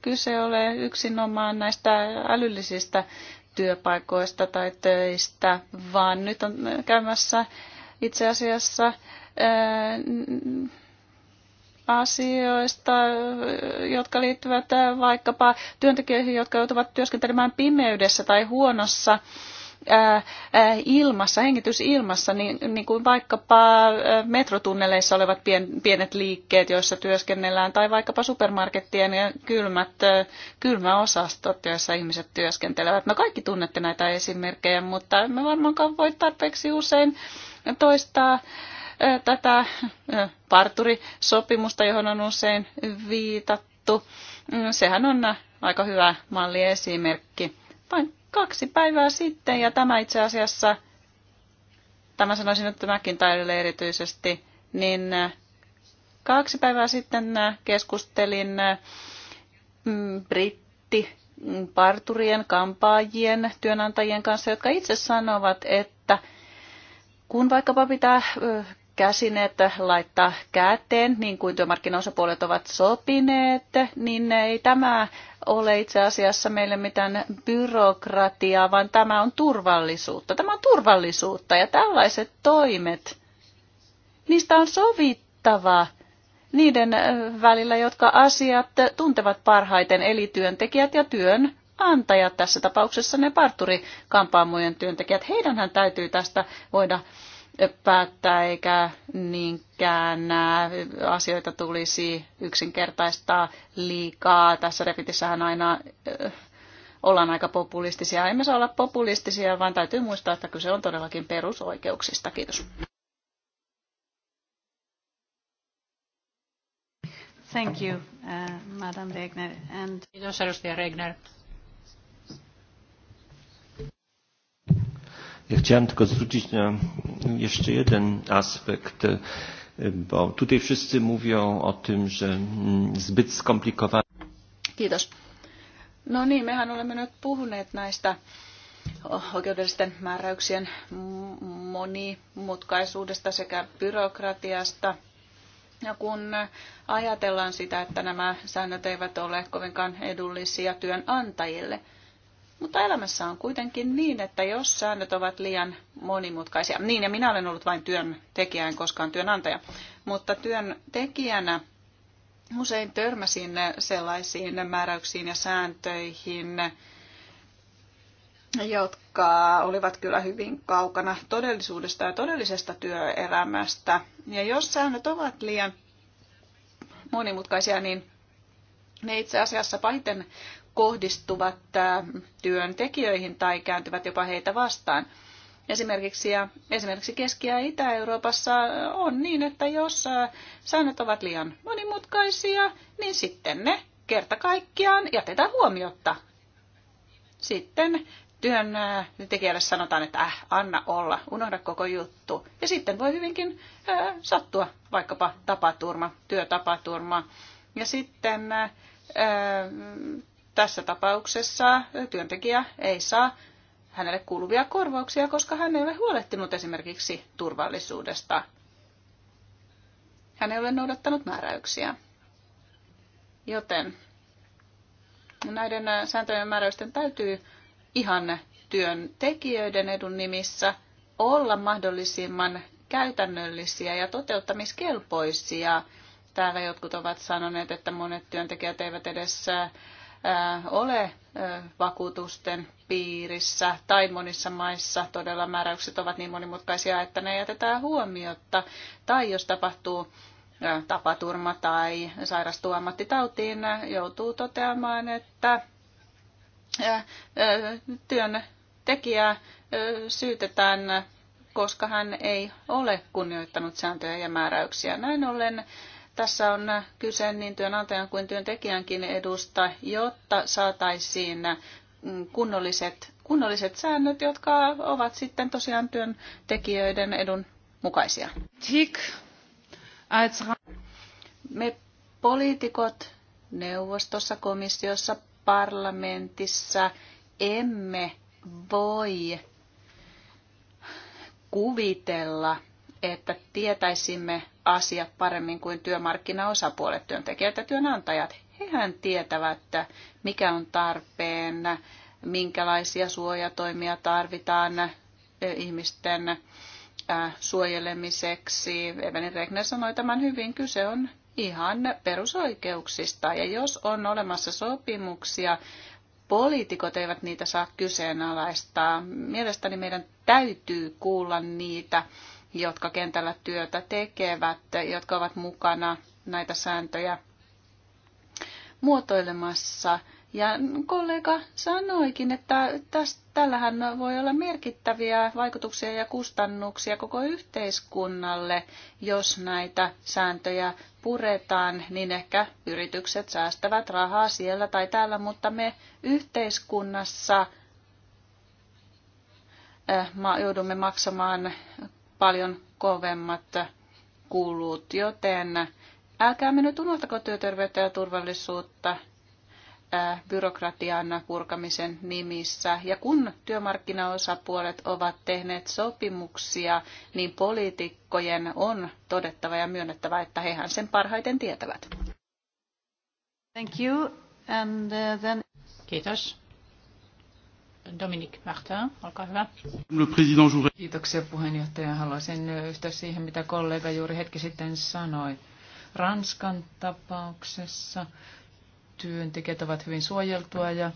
kyse ole yksinomaan näistä älyllisistä työpaikoista tai töistä, vaan nyt on käymässä itse asiassa asioista, jotka liittyvät vaikkapa työntekijöihin, jotka joutuvat työskentelemään pimeydessä tai huonossa ilmassa, hengitysilmassa, niin, niin kuin vaikkapa metrotunneleissa olevat pien, pienet liikkeet, joissa työskennellään, tai vaikkapa supermarkettien ja kylmät, kylmäosastot, joissa ihmiset työskentelevät. No kaikki tunnette näitä esimerkkejä, mutta me varmaankaan voi tarpeeksi usein toistaa tätä parturisopimusta, johon on usein viitattu. Mm, sehän on aika hyvä malliesimerkki. Vain kaksi päivää sitten, ja tämä itse asiassa, tämä sanoisin nyt taidelle erityisesti, niin kaksi päivää sitten keskustelin mm, britti mm, parturien, kampaajien, työnantajien kanssa, jotka itse sanovat, että kun vaikkapa pitää käsineet laittaa käteen, niin kuin työmarkkinaosapuolet ovat sopineet, niin ei tämä ole itse asiassa meille mitään byrokratiaa, vaan tämä on turvallisuutta. Tämä on turvallisuutta ja tällaiset toimet, niistä on sovittava niiden välillä, jotka asiat tuntevat parhaiten, eli työntekijät ja työn antajat tässä tapauksessa ne parturikampaamojen työntekijät, heidänhän täytyy tästä voida päättää, eikä niinkään äh, asioita tulisi yksinkertaistaa liikaa. Tässä repitissähän aina äh, ollaan aika populistisia. Emme saa olla populistisia, vaan täytyy muistaa, että kyse on todellakin perusoikeuksista. Kiitos. Thank you, uh, Madam Regner. And... Kiitos, edustaja Regner. Ja chciałem tylko zwrócić na jeszcze jeden aspekt, bo tutaj wszyscy mówią o tym, że zbyt skomplikowane. Kiitos. No niin, mehän olemme nyt puhuneet näistä oikeudellisten määräyksien monimutkaisuudesta sekä byrokratiasta. Ja kun ajatellaan sitä, että nämä säännöt eivät ole kovinkaan edullisia työnantajille, mutta elämässä on kuitenkin niin, että jos säännöt ovat liian monimutkaisia, niin ja minä olen ollut vain työntekijä, en koskaan työnantaja, mutta työntekijänä usein törmäsin sellaisiin määräyksiin ja sääntöihin, jotka olivat kyllä hyvin kaukana todellisuudesta ja todellisesta työelämästä. Ja jos säännöt ovat liian monimutkaisia, niin ne itse asiassa pahiten kohdistuvat työntekijöihin tai kääntyvät jopa heitä vastaan. Esimerkiksi, ja esimerkiksi Keski- ja Itä-Euroopassa on niin, että jos säännöt ovat liian monimutkaisia, niin sitten ne kerta kaikkiaan jätetään huomiotta. Sitten työn tekijälle sanotaan, että äh, anna olla, unohda koko juttu. Ja sitten voi hyvinkin äh, sattua vaikkapa tapaturma, työtapaturma. Ja sitten äh, tässä tapauksessa työntekijä ei saa hänelle kuuluvia korvauksia, koska hän ei ole huolehtinut esimerkiksi turvallisuudesta. Hän ei ole noudattanut määräyksiä. Joten näiden sääntöjen määräysten täytyy ihan työntekijöiden edun nimissä olla mahdollisimman käytännöllisiä ja toteuttamiskelpoisia. Täällä jotkut ovat sanoneet, että monet työntekijät eivät edes ole vakuutusten piirissä tai monissa maissa todella määräykset ovat niin monimutkaisia, että ne jätetään huomiotta. Tai jos tapahtuu tapaturma tai sairastuu ammattitautiin, joutuu toteamaan, että työn tekijää syytetään, koska hän ei ole kunnioittanut sääntöjä ja määräyksiä. Näin ollen tässä on kyse niin työnantajan kuin työntekijänkin edusta, jotta saataisiin kunnolliset, kunnolliset säännöt, jotka ovat sitten tosiaan työntekijöiden edun mukaisia. Me poliitikot neuvostossa, komissiossa, parlamentissa emme voi kuvitella, että tietäisimme asia paremmin kuin työmarkkinaosapuolet, työntekijät ja työnantajat. Hehän tietävät, että mikä on tarpeen, minkälaisia suojatoimia tarvitaan ihmisten suojelemiseksi. Evelyn Regner sanoi tämän hyvin. Kyse on ihan perusoikeuksista. Ja jos on olemassa sopimuksia, poliitikot eivät niitä saa kyseenalaistaa. Mielestäni meidän täytyy kuulla niitä jotka kentällä työtä tekevät, jotka ovat mukana näitä sääntöjä muotoilemassa. Ja kollega sanoikin, että tästä, tällähän voi olla merkittäviä vaikutuksia ja kustannuksia koko yhteiskunnalle, jos näitä sääntöjä puretaan, niin ehkä yritykset säästävät rahaa siellä tai täällä, mutta me yhteiskunnassa eh, joudumme maksamaan paljon kovemmat kulut, joten älkää nyt unohtako työterveyttä ja turvallisuutta äh, byrokratian purkamisen nimissä. Ja kun työmarkkinaosapuolet ovat tehneet sopimuksia, niin poliitikkojen on todettava ja myönnettävä, että hehän sen parhaiten tietävät. Thank you. And uh, then... Kiitos. Dominic Martin, olkaa hyvä. Kiitoksia puheenjohtaja. Haluaisin yhtä siihen, mitä kollega juuri hetki sitten sanoi. Ranskan tapauksessa työntekijät ovat hyvin suojeltua ja,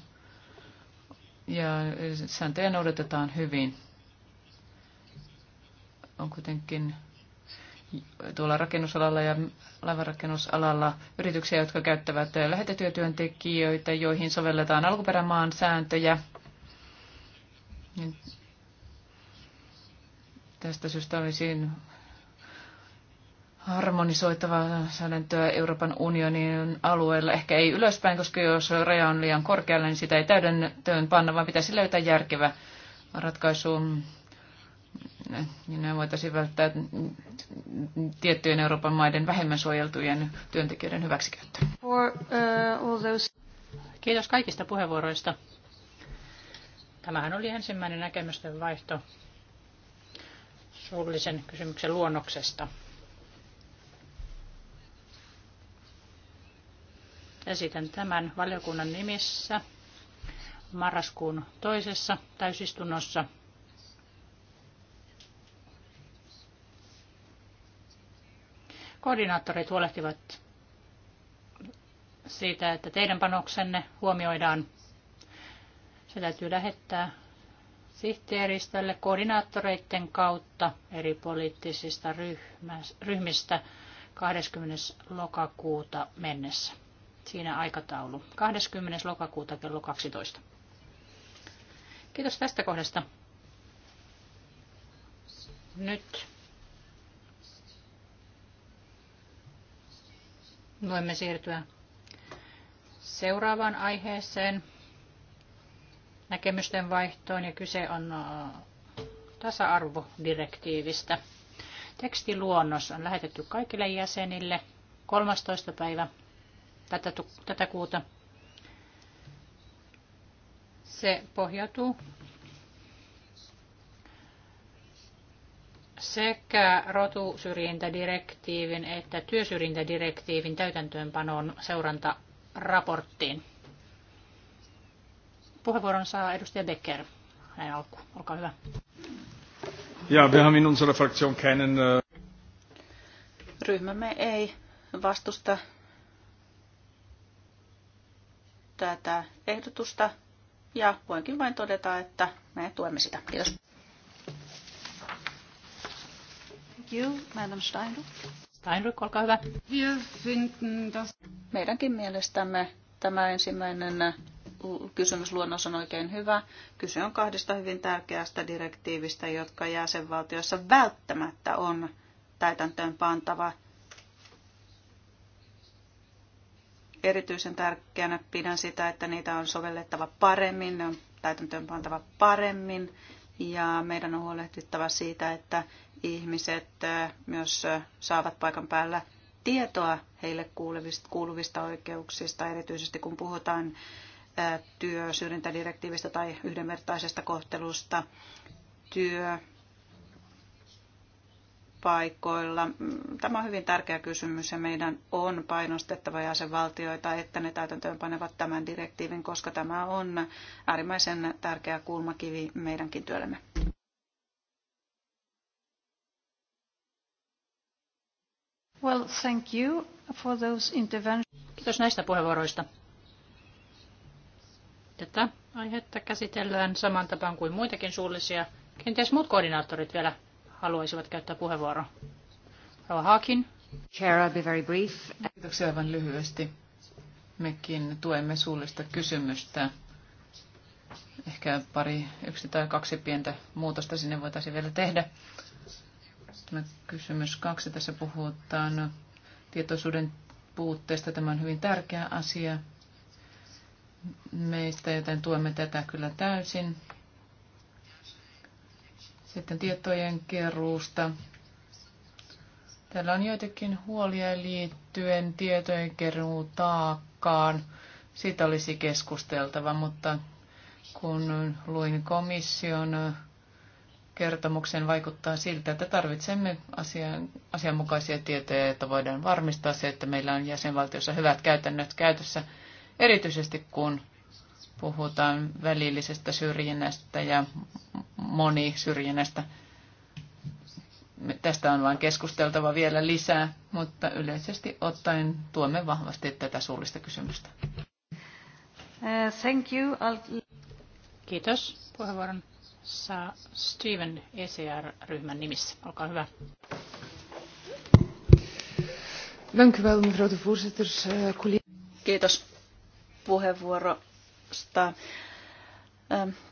ja sääntöjä noudatetaan hyvin. On kuitenkin tuolla rakennusalalla ja laivarakennusalalla yrityksiä, jotka käyttävät lähetetyötyöntekijöitä, joihin sovelletaan alkuperämaan sääntöjä – Tästä syystä olisi harmonisoitava säädäntöä Euroopan unionin alueella. Ehkä ei ylöspäin, koska jos raja on liian korkealla, niin sitä ei täydentöön panna, vaan pitäisi löytää järkevä ratkaisu. Niin näin voitaisiin välttää tiettyjen Euroopan maiden vähemmän suojeltujen työntekijöiden hyväksikäyttöä. Uh, Kiitos kaikista puheenvuoroista. Tämähän oli ensimmäinen näkemysten vaihto suullisen kysymyksen luonnoksesta. Esitän tämän valiokunnan nimissä marraskuun toisessa täysistunnossa. Koordinaattorit huolehtivat siitä, että teidän panoksenne huomioidaan se täytyy lähettää sihteeristölle koordinaattoreiden kautta eri poliittisista ryhmistä 20. lokakuuta mennessä. Siinä aikataulu 20. lokakuuta kello 12. Kiitos tästä kohdasta. Nyt voimme siirtyä seuraavaan aiheeseen näkemysten vaihtoon ja kyse on tasa-arvodirektiivistä. Tekstiluonnos on lähetetty kaikille jäsenille 13. päivä tätä, tätä kuuta. Se pohjautuu sekä rotusyrjintädirektiivin että työsyrjintädirektiivin täytäntöönpanon seurantaraporttiin. Puheenvuoron saa edustaja Becker. Näin alku. Olkaa hyvä. Ja, wir haben in unserer Fraktion keinen... Äh, Ryhmämme ei vastusta tätä ehdotusta ja voinkin vain todeta, että me tuemme sitä. Kiitos. Thank you, Madam Steinruck. Steinruck, olkaa hyvä. Wir finden das... Meidänkin mielestämme tämä ensimmäinen kysymysluonnos on oikein hyvä. Kyse on kahdesta hyvin tärkeästä direktiivistä, jotka jäsenvaltioissa välttämättä on täytäntöön pantava. Erityisen tärkeänä pidän sitä, että niitä on sovellettava paremmin, ne on täytäntöön pantava paremmin ja meidän on huolehdittava siitä, että ihmiset myös saavat paikan päällä tietoa heille kuuluvista, kuuluvista oikeuksista, erityisesti kun puhutaan työsyrjintädirektiivistä tai yhdenvertaisesta kohtelusta työpaikoilla. Tämä on hyvin tärkeä kysymys ja meidän on painostettava jäsenvaltioita, että ne täytäntöönpanevat tämän direktiivin, koska tämä on äärimmäisen tärkeä kulmakivi meidänkin työllemme. Well, thank you for those interventions. Kiitos näistä puheenvuoroista. Tätä aihetta käsitellään saman tapaan kuin muitakin suullisia. Kenties muut koordinaattorit vielä haluaisivat käyttää puheenvuoroa. Rauha Haakin. Chair, I'll be very brief. Kiitoksia aivan lyhyesti. Mekin tuemme suullista kysymystä. Ehkä pari, yksi tai kaksi pientä muutosta sinne voitaisiin vielä tehdä. Tämä kysymys kaksi tässä puhutaan tietoisuuden puutteesta. Tämä on hyvin tärkeä asia meistä, joten tuemme tätä kyllä täysin. Sitten tietojen keruusta. Täällä on joitakin huolia liittyen tietojen keruutaakkaan. Siitä olisi keskusteltava, mutta kun luin komission kertomuksen, vaikuttaa siltä, että tarvitsemme asian, asianmukaisia tietoja, että voidaan varmistaa se, että meillä on jäsenvaltiossa hyvät käytännöt käytössä – erityisesti kun puhutaan välillisestä syrjinnästä ja monisyrjinnästä. Tästä on vain keskusteltava vielä lisää, mutta yleisesti ottaen tuemme vahvasti tätä suullista kysymystä. Uh, thank you. I'll... Kiitos. Puheenvuoron saa Steven ECR-ryhmän nimissä. Olkaa hyvä. Dank u wel, mevrouw de voorzitter. Eh, Kiitos puheenvuorosta.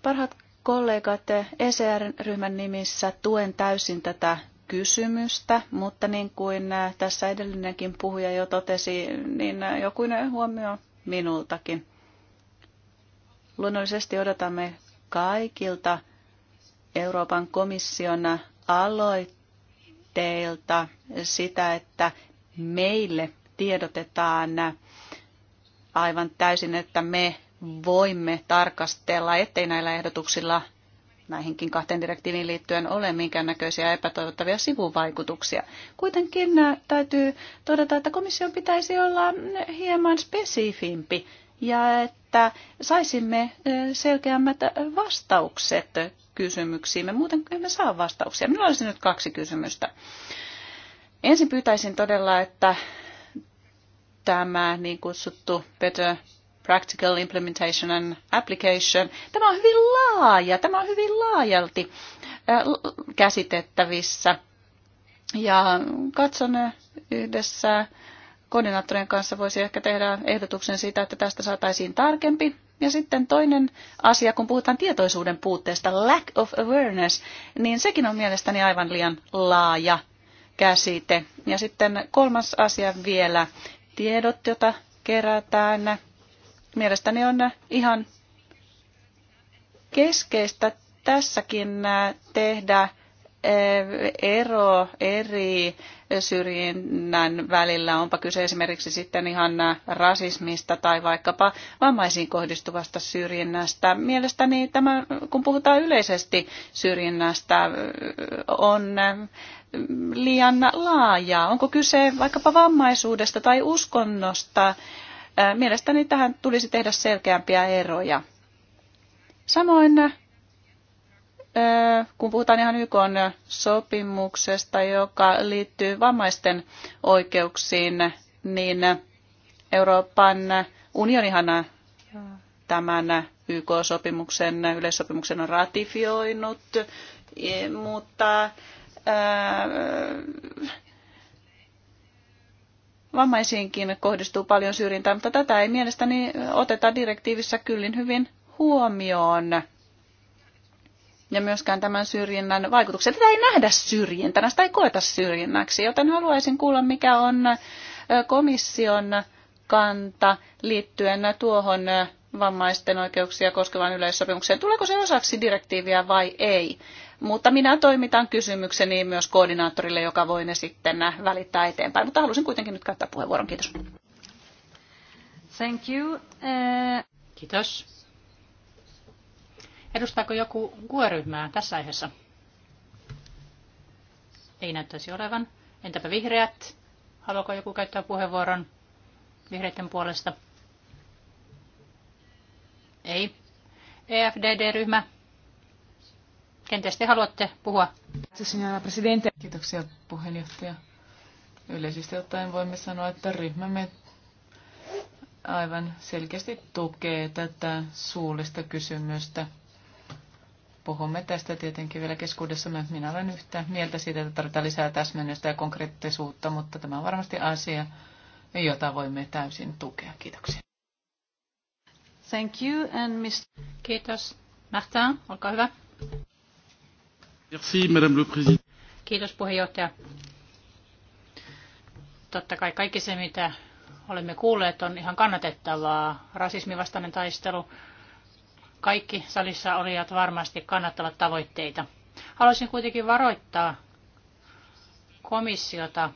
Parhaat kollegat, ECR-ryhmän nimissä tuen täysin tätä kysymystä, mutta niin kuin tässä edellinenkin puhuja jo totesi, niin jokuinen huomio minultakin. Luonnollisesti odotamme kaikilta Euroopan komission aloitteilta sitä, että meille tiedotetaan aivan täysin, että me voimme tarkastella, ettei näillä ehdotuksilla näihinkin kahteen direktiiviin liittyen ole minkäännäköisiä epätoivottavia sivuvaikutuksia. Kuitenkin äh, täytyy todeta, että komission pitäisi olla mm, hieman spesifimpi ja että saisimme äh, selkeämmät äh, vastaukset kysymyksiin, Me Muuten emme saa vastauksia. Minulla olisi nyt kaksi kysymystä. Ensin pyytäisin todella, että tämä niin kutsuttu Better Practical Implementation and Application, tämä on hyvin laaja, tämä on hyvin laajalti käsitettävissä. Ja katson yhdessä koordinaattorien kanssa voisi ehkä tehdä ehdotuksen siitä, että tästä saataisiin tarkempi. Ja sitten toinen asia, kun puhutaan tietoisuuden puutteesta, lack of awareness, niin sekin on mielestäni aivan liian laaja käsite. Ja sitten kolmas asia vielä, tiedot, joita kerätään, mielestäni on ihan keskeistä tässäkin tehdä ero eri syrjinnän välillä, onpa kyse esimerkiksi sitten ihan rasismista tai vaikkapa vammaisiin kohdistuvasta syrjinnästä. Mielestäni tämä, kun puhutaan yleisesti syrjinnästä, on liian laaja Onko kyse vaikkapa vammaisuudesta tai uskonnosta? Mielestäni tähän tulisi tehdä selkeämpiä eroja. Samoin kun puhutaan ihan YK sopimuksesta, joka liittyy vammaisten oikeuksiin, niin Euroopan unionihan tämän YK-sopimuksen, yleissopimuksen on ratifioinut, e, mutta ää, vammaisiinkin kohdistuu paljon syrjintää, mutta tätä ei mielestäni oteta direktiivissä kyllin hyvin huomioon ja myöskään tämän syrjinnän vaikutuksia. Tätä ei nähdä syrjintänä, sitä ei koeta syrjinnäksi, joten haluaisin kuulla, mikä on komission kanta liittyen tuohon vammaisten oikeuksia koskevaan yleissopimukseen. Tuleeko se osaksi direktiiviä vai ei? Mutta minä toimitan kysymykseni myös koordinaattorille, joka voi ne sitten välittää eteenpäin. Mutta halusin kuitenkin nyt käyttää puheenvuoron. Kiitos. Thank you. Uh... Kiitos. Edustaako joku GUE-ryhmää tässä aiheessa? Ei näyttäisi olevan. Entäpä vihreät? Haluaako joku käyttää puheenvuoron vihreiden puolesta? Ei. EFDD-ryhmä. Kenties te haluatte puhua? Kiitoksia puheenjohtaja. Yleisesti ottaen voimme sanoa, että ryhmämme aivan selkeästi tukee tätä suullista kysymystä. Puhumme tästä tietenkin vielä keskuudessamme. Minä olen yhtä mieltä siitä, että tarvitaan lisää täsmennystä ja konkreettisuutta, mutta tämä on varmasti asia, jota voimme täysin tukea. Kiitoksia. Thank you and Mr. Kiitos. Martin, olkaa hyvä. Merci, Madame le Président. Kiitos puheenjohtaja. Totta kai kaikki se, mitä olemme kuulleet, on ihan kannatettavaa. rasismivastainen taistelu, kaikki salissa olijat varmasti kannattavat tavoitteita. Haluaisin kuitenkin varoittaa komissiota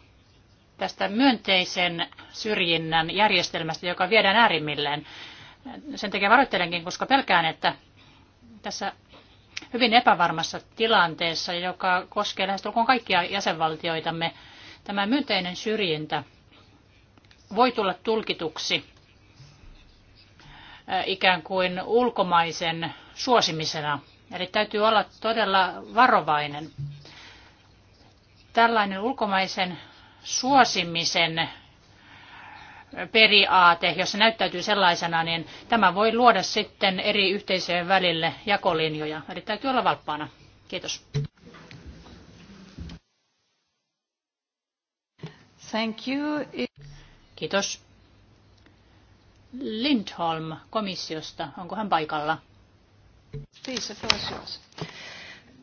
tästä myönteisen syrjinnän järjestelmästä, joka viedään äärimmilleen. Sen takia varoittelenkin, koska pelkään, että tässä hyvin epävarmassa tilanteessa, joka koskee lähestulkoon kaikkia jäsenvaltioitamme, tämä myönteinen syrjintä voi tulla tulkituksi Eh, ikään kuin ulkomaisen suosimisena. Eli täytyy olla todella varovainen. Tällainen ulkomaisen suosimisen periaate, jos se näyttäytyy sellaisena, niin tämä voi luoda sitten eri yhteisöjen välille jakolinjoja. Eli täytyy olla valppaana. Kiitos. Thank you. Kiitos. Lindholm komissiosta. Onko hän paikalla? Please,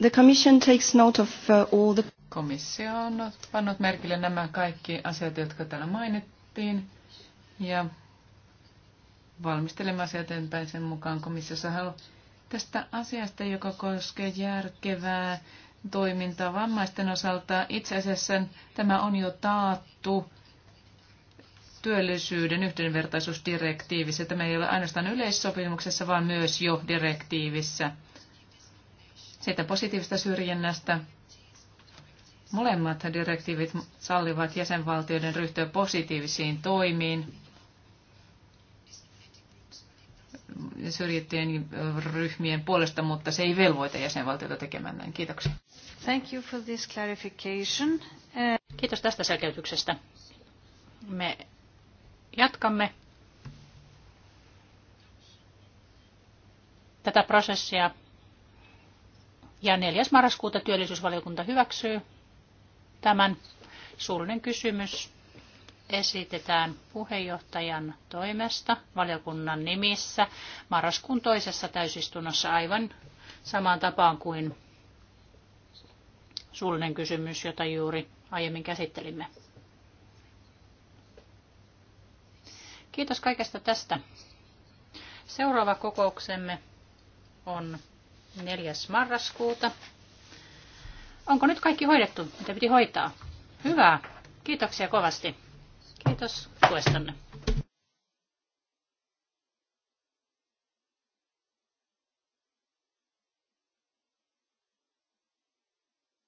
the commission takes note of uh, all the... Komissio on pannut merkille nämä kaikki asiat, jotka täällä mainittiin. Ja valmistelemme asiat eteenpäin sen mukaan komissiossa haluaa tästä asiasta, joka koskee järkevää toimintaa vammaisten osalta. Itse asiassa tämä on jo taattu työllisyyden yhdenvertaisuusdirektiivissä. Tämä ei ole ainoastaan yleissopimuksessa, vaan myös jo direktiivissä. sitä positiivista syrjinnästä molemmat direktiivit sallivat jäsenvaltioiden ryhtyä positiivisiin toimiin syrjittyjen ryhmien puolesta, mutta se ei velvoita jäsenvaltiota tekemään näin. Kiitoksia. Thank you for this clarification. Kiitos tästä selkeytyksestä. Me Jatkamme tätä prosessia ja 4. marraskuuta työllisyysvaliokunta hyväksyy tämän. Suullinen kysymys esitetään puheenjohtajan toimesta valiokunnan nimissä marraskuun toisessa täysistunnossa aivan samaan tapaan kuin suullinen kysymys, jota juuri aiemmin käsittelimme. Kiitos kaikesta tästä. Seuraava kokouksemme on 4. marraskuuta. Onko nyt kaikki hoidettu, mitä piti hoitaa? Hyvä. Kiitoksia kovasti. Kiitos tuestanne.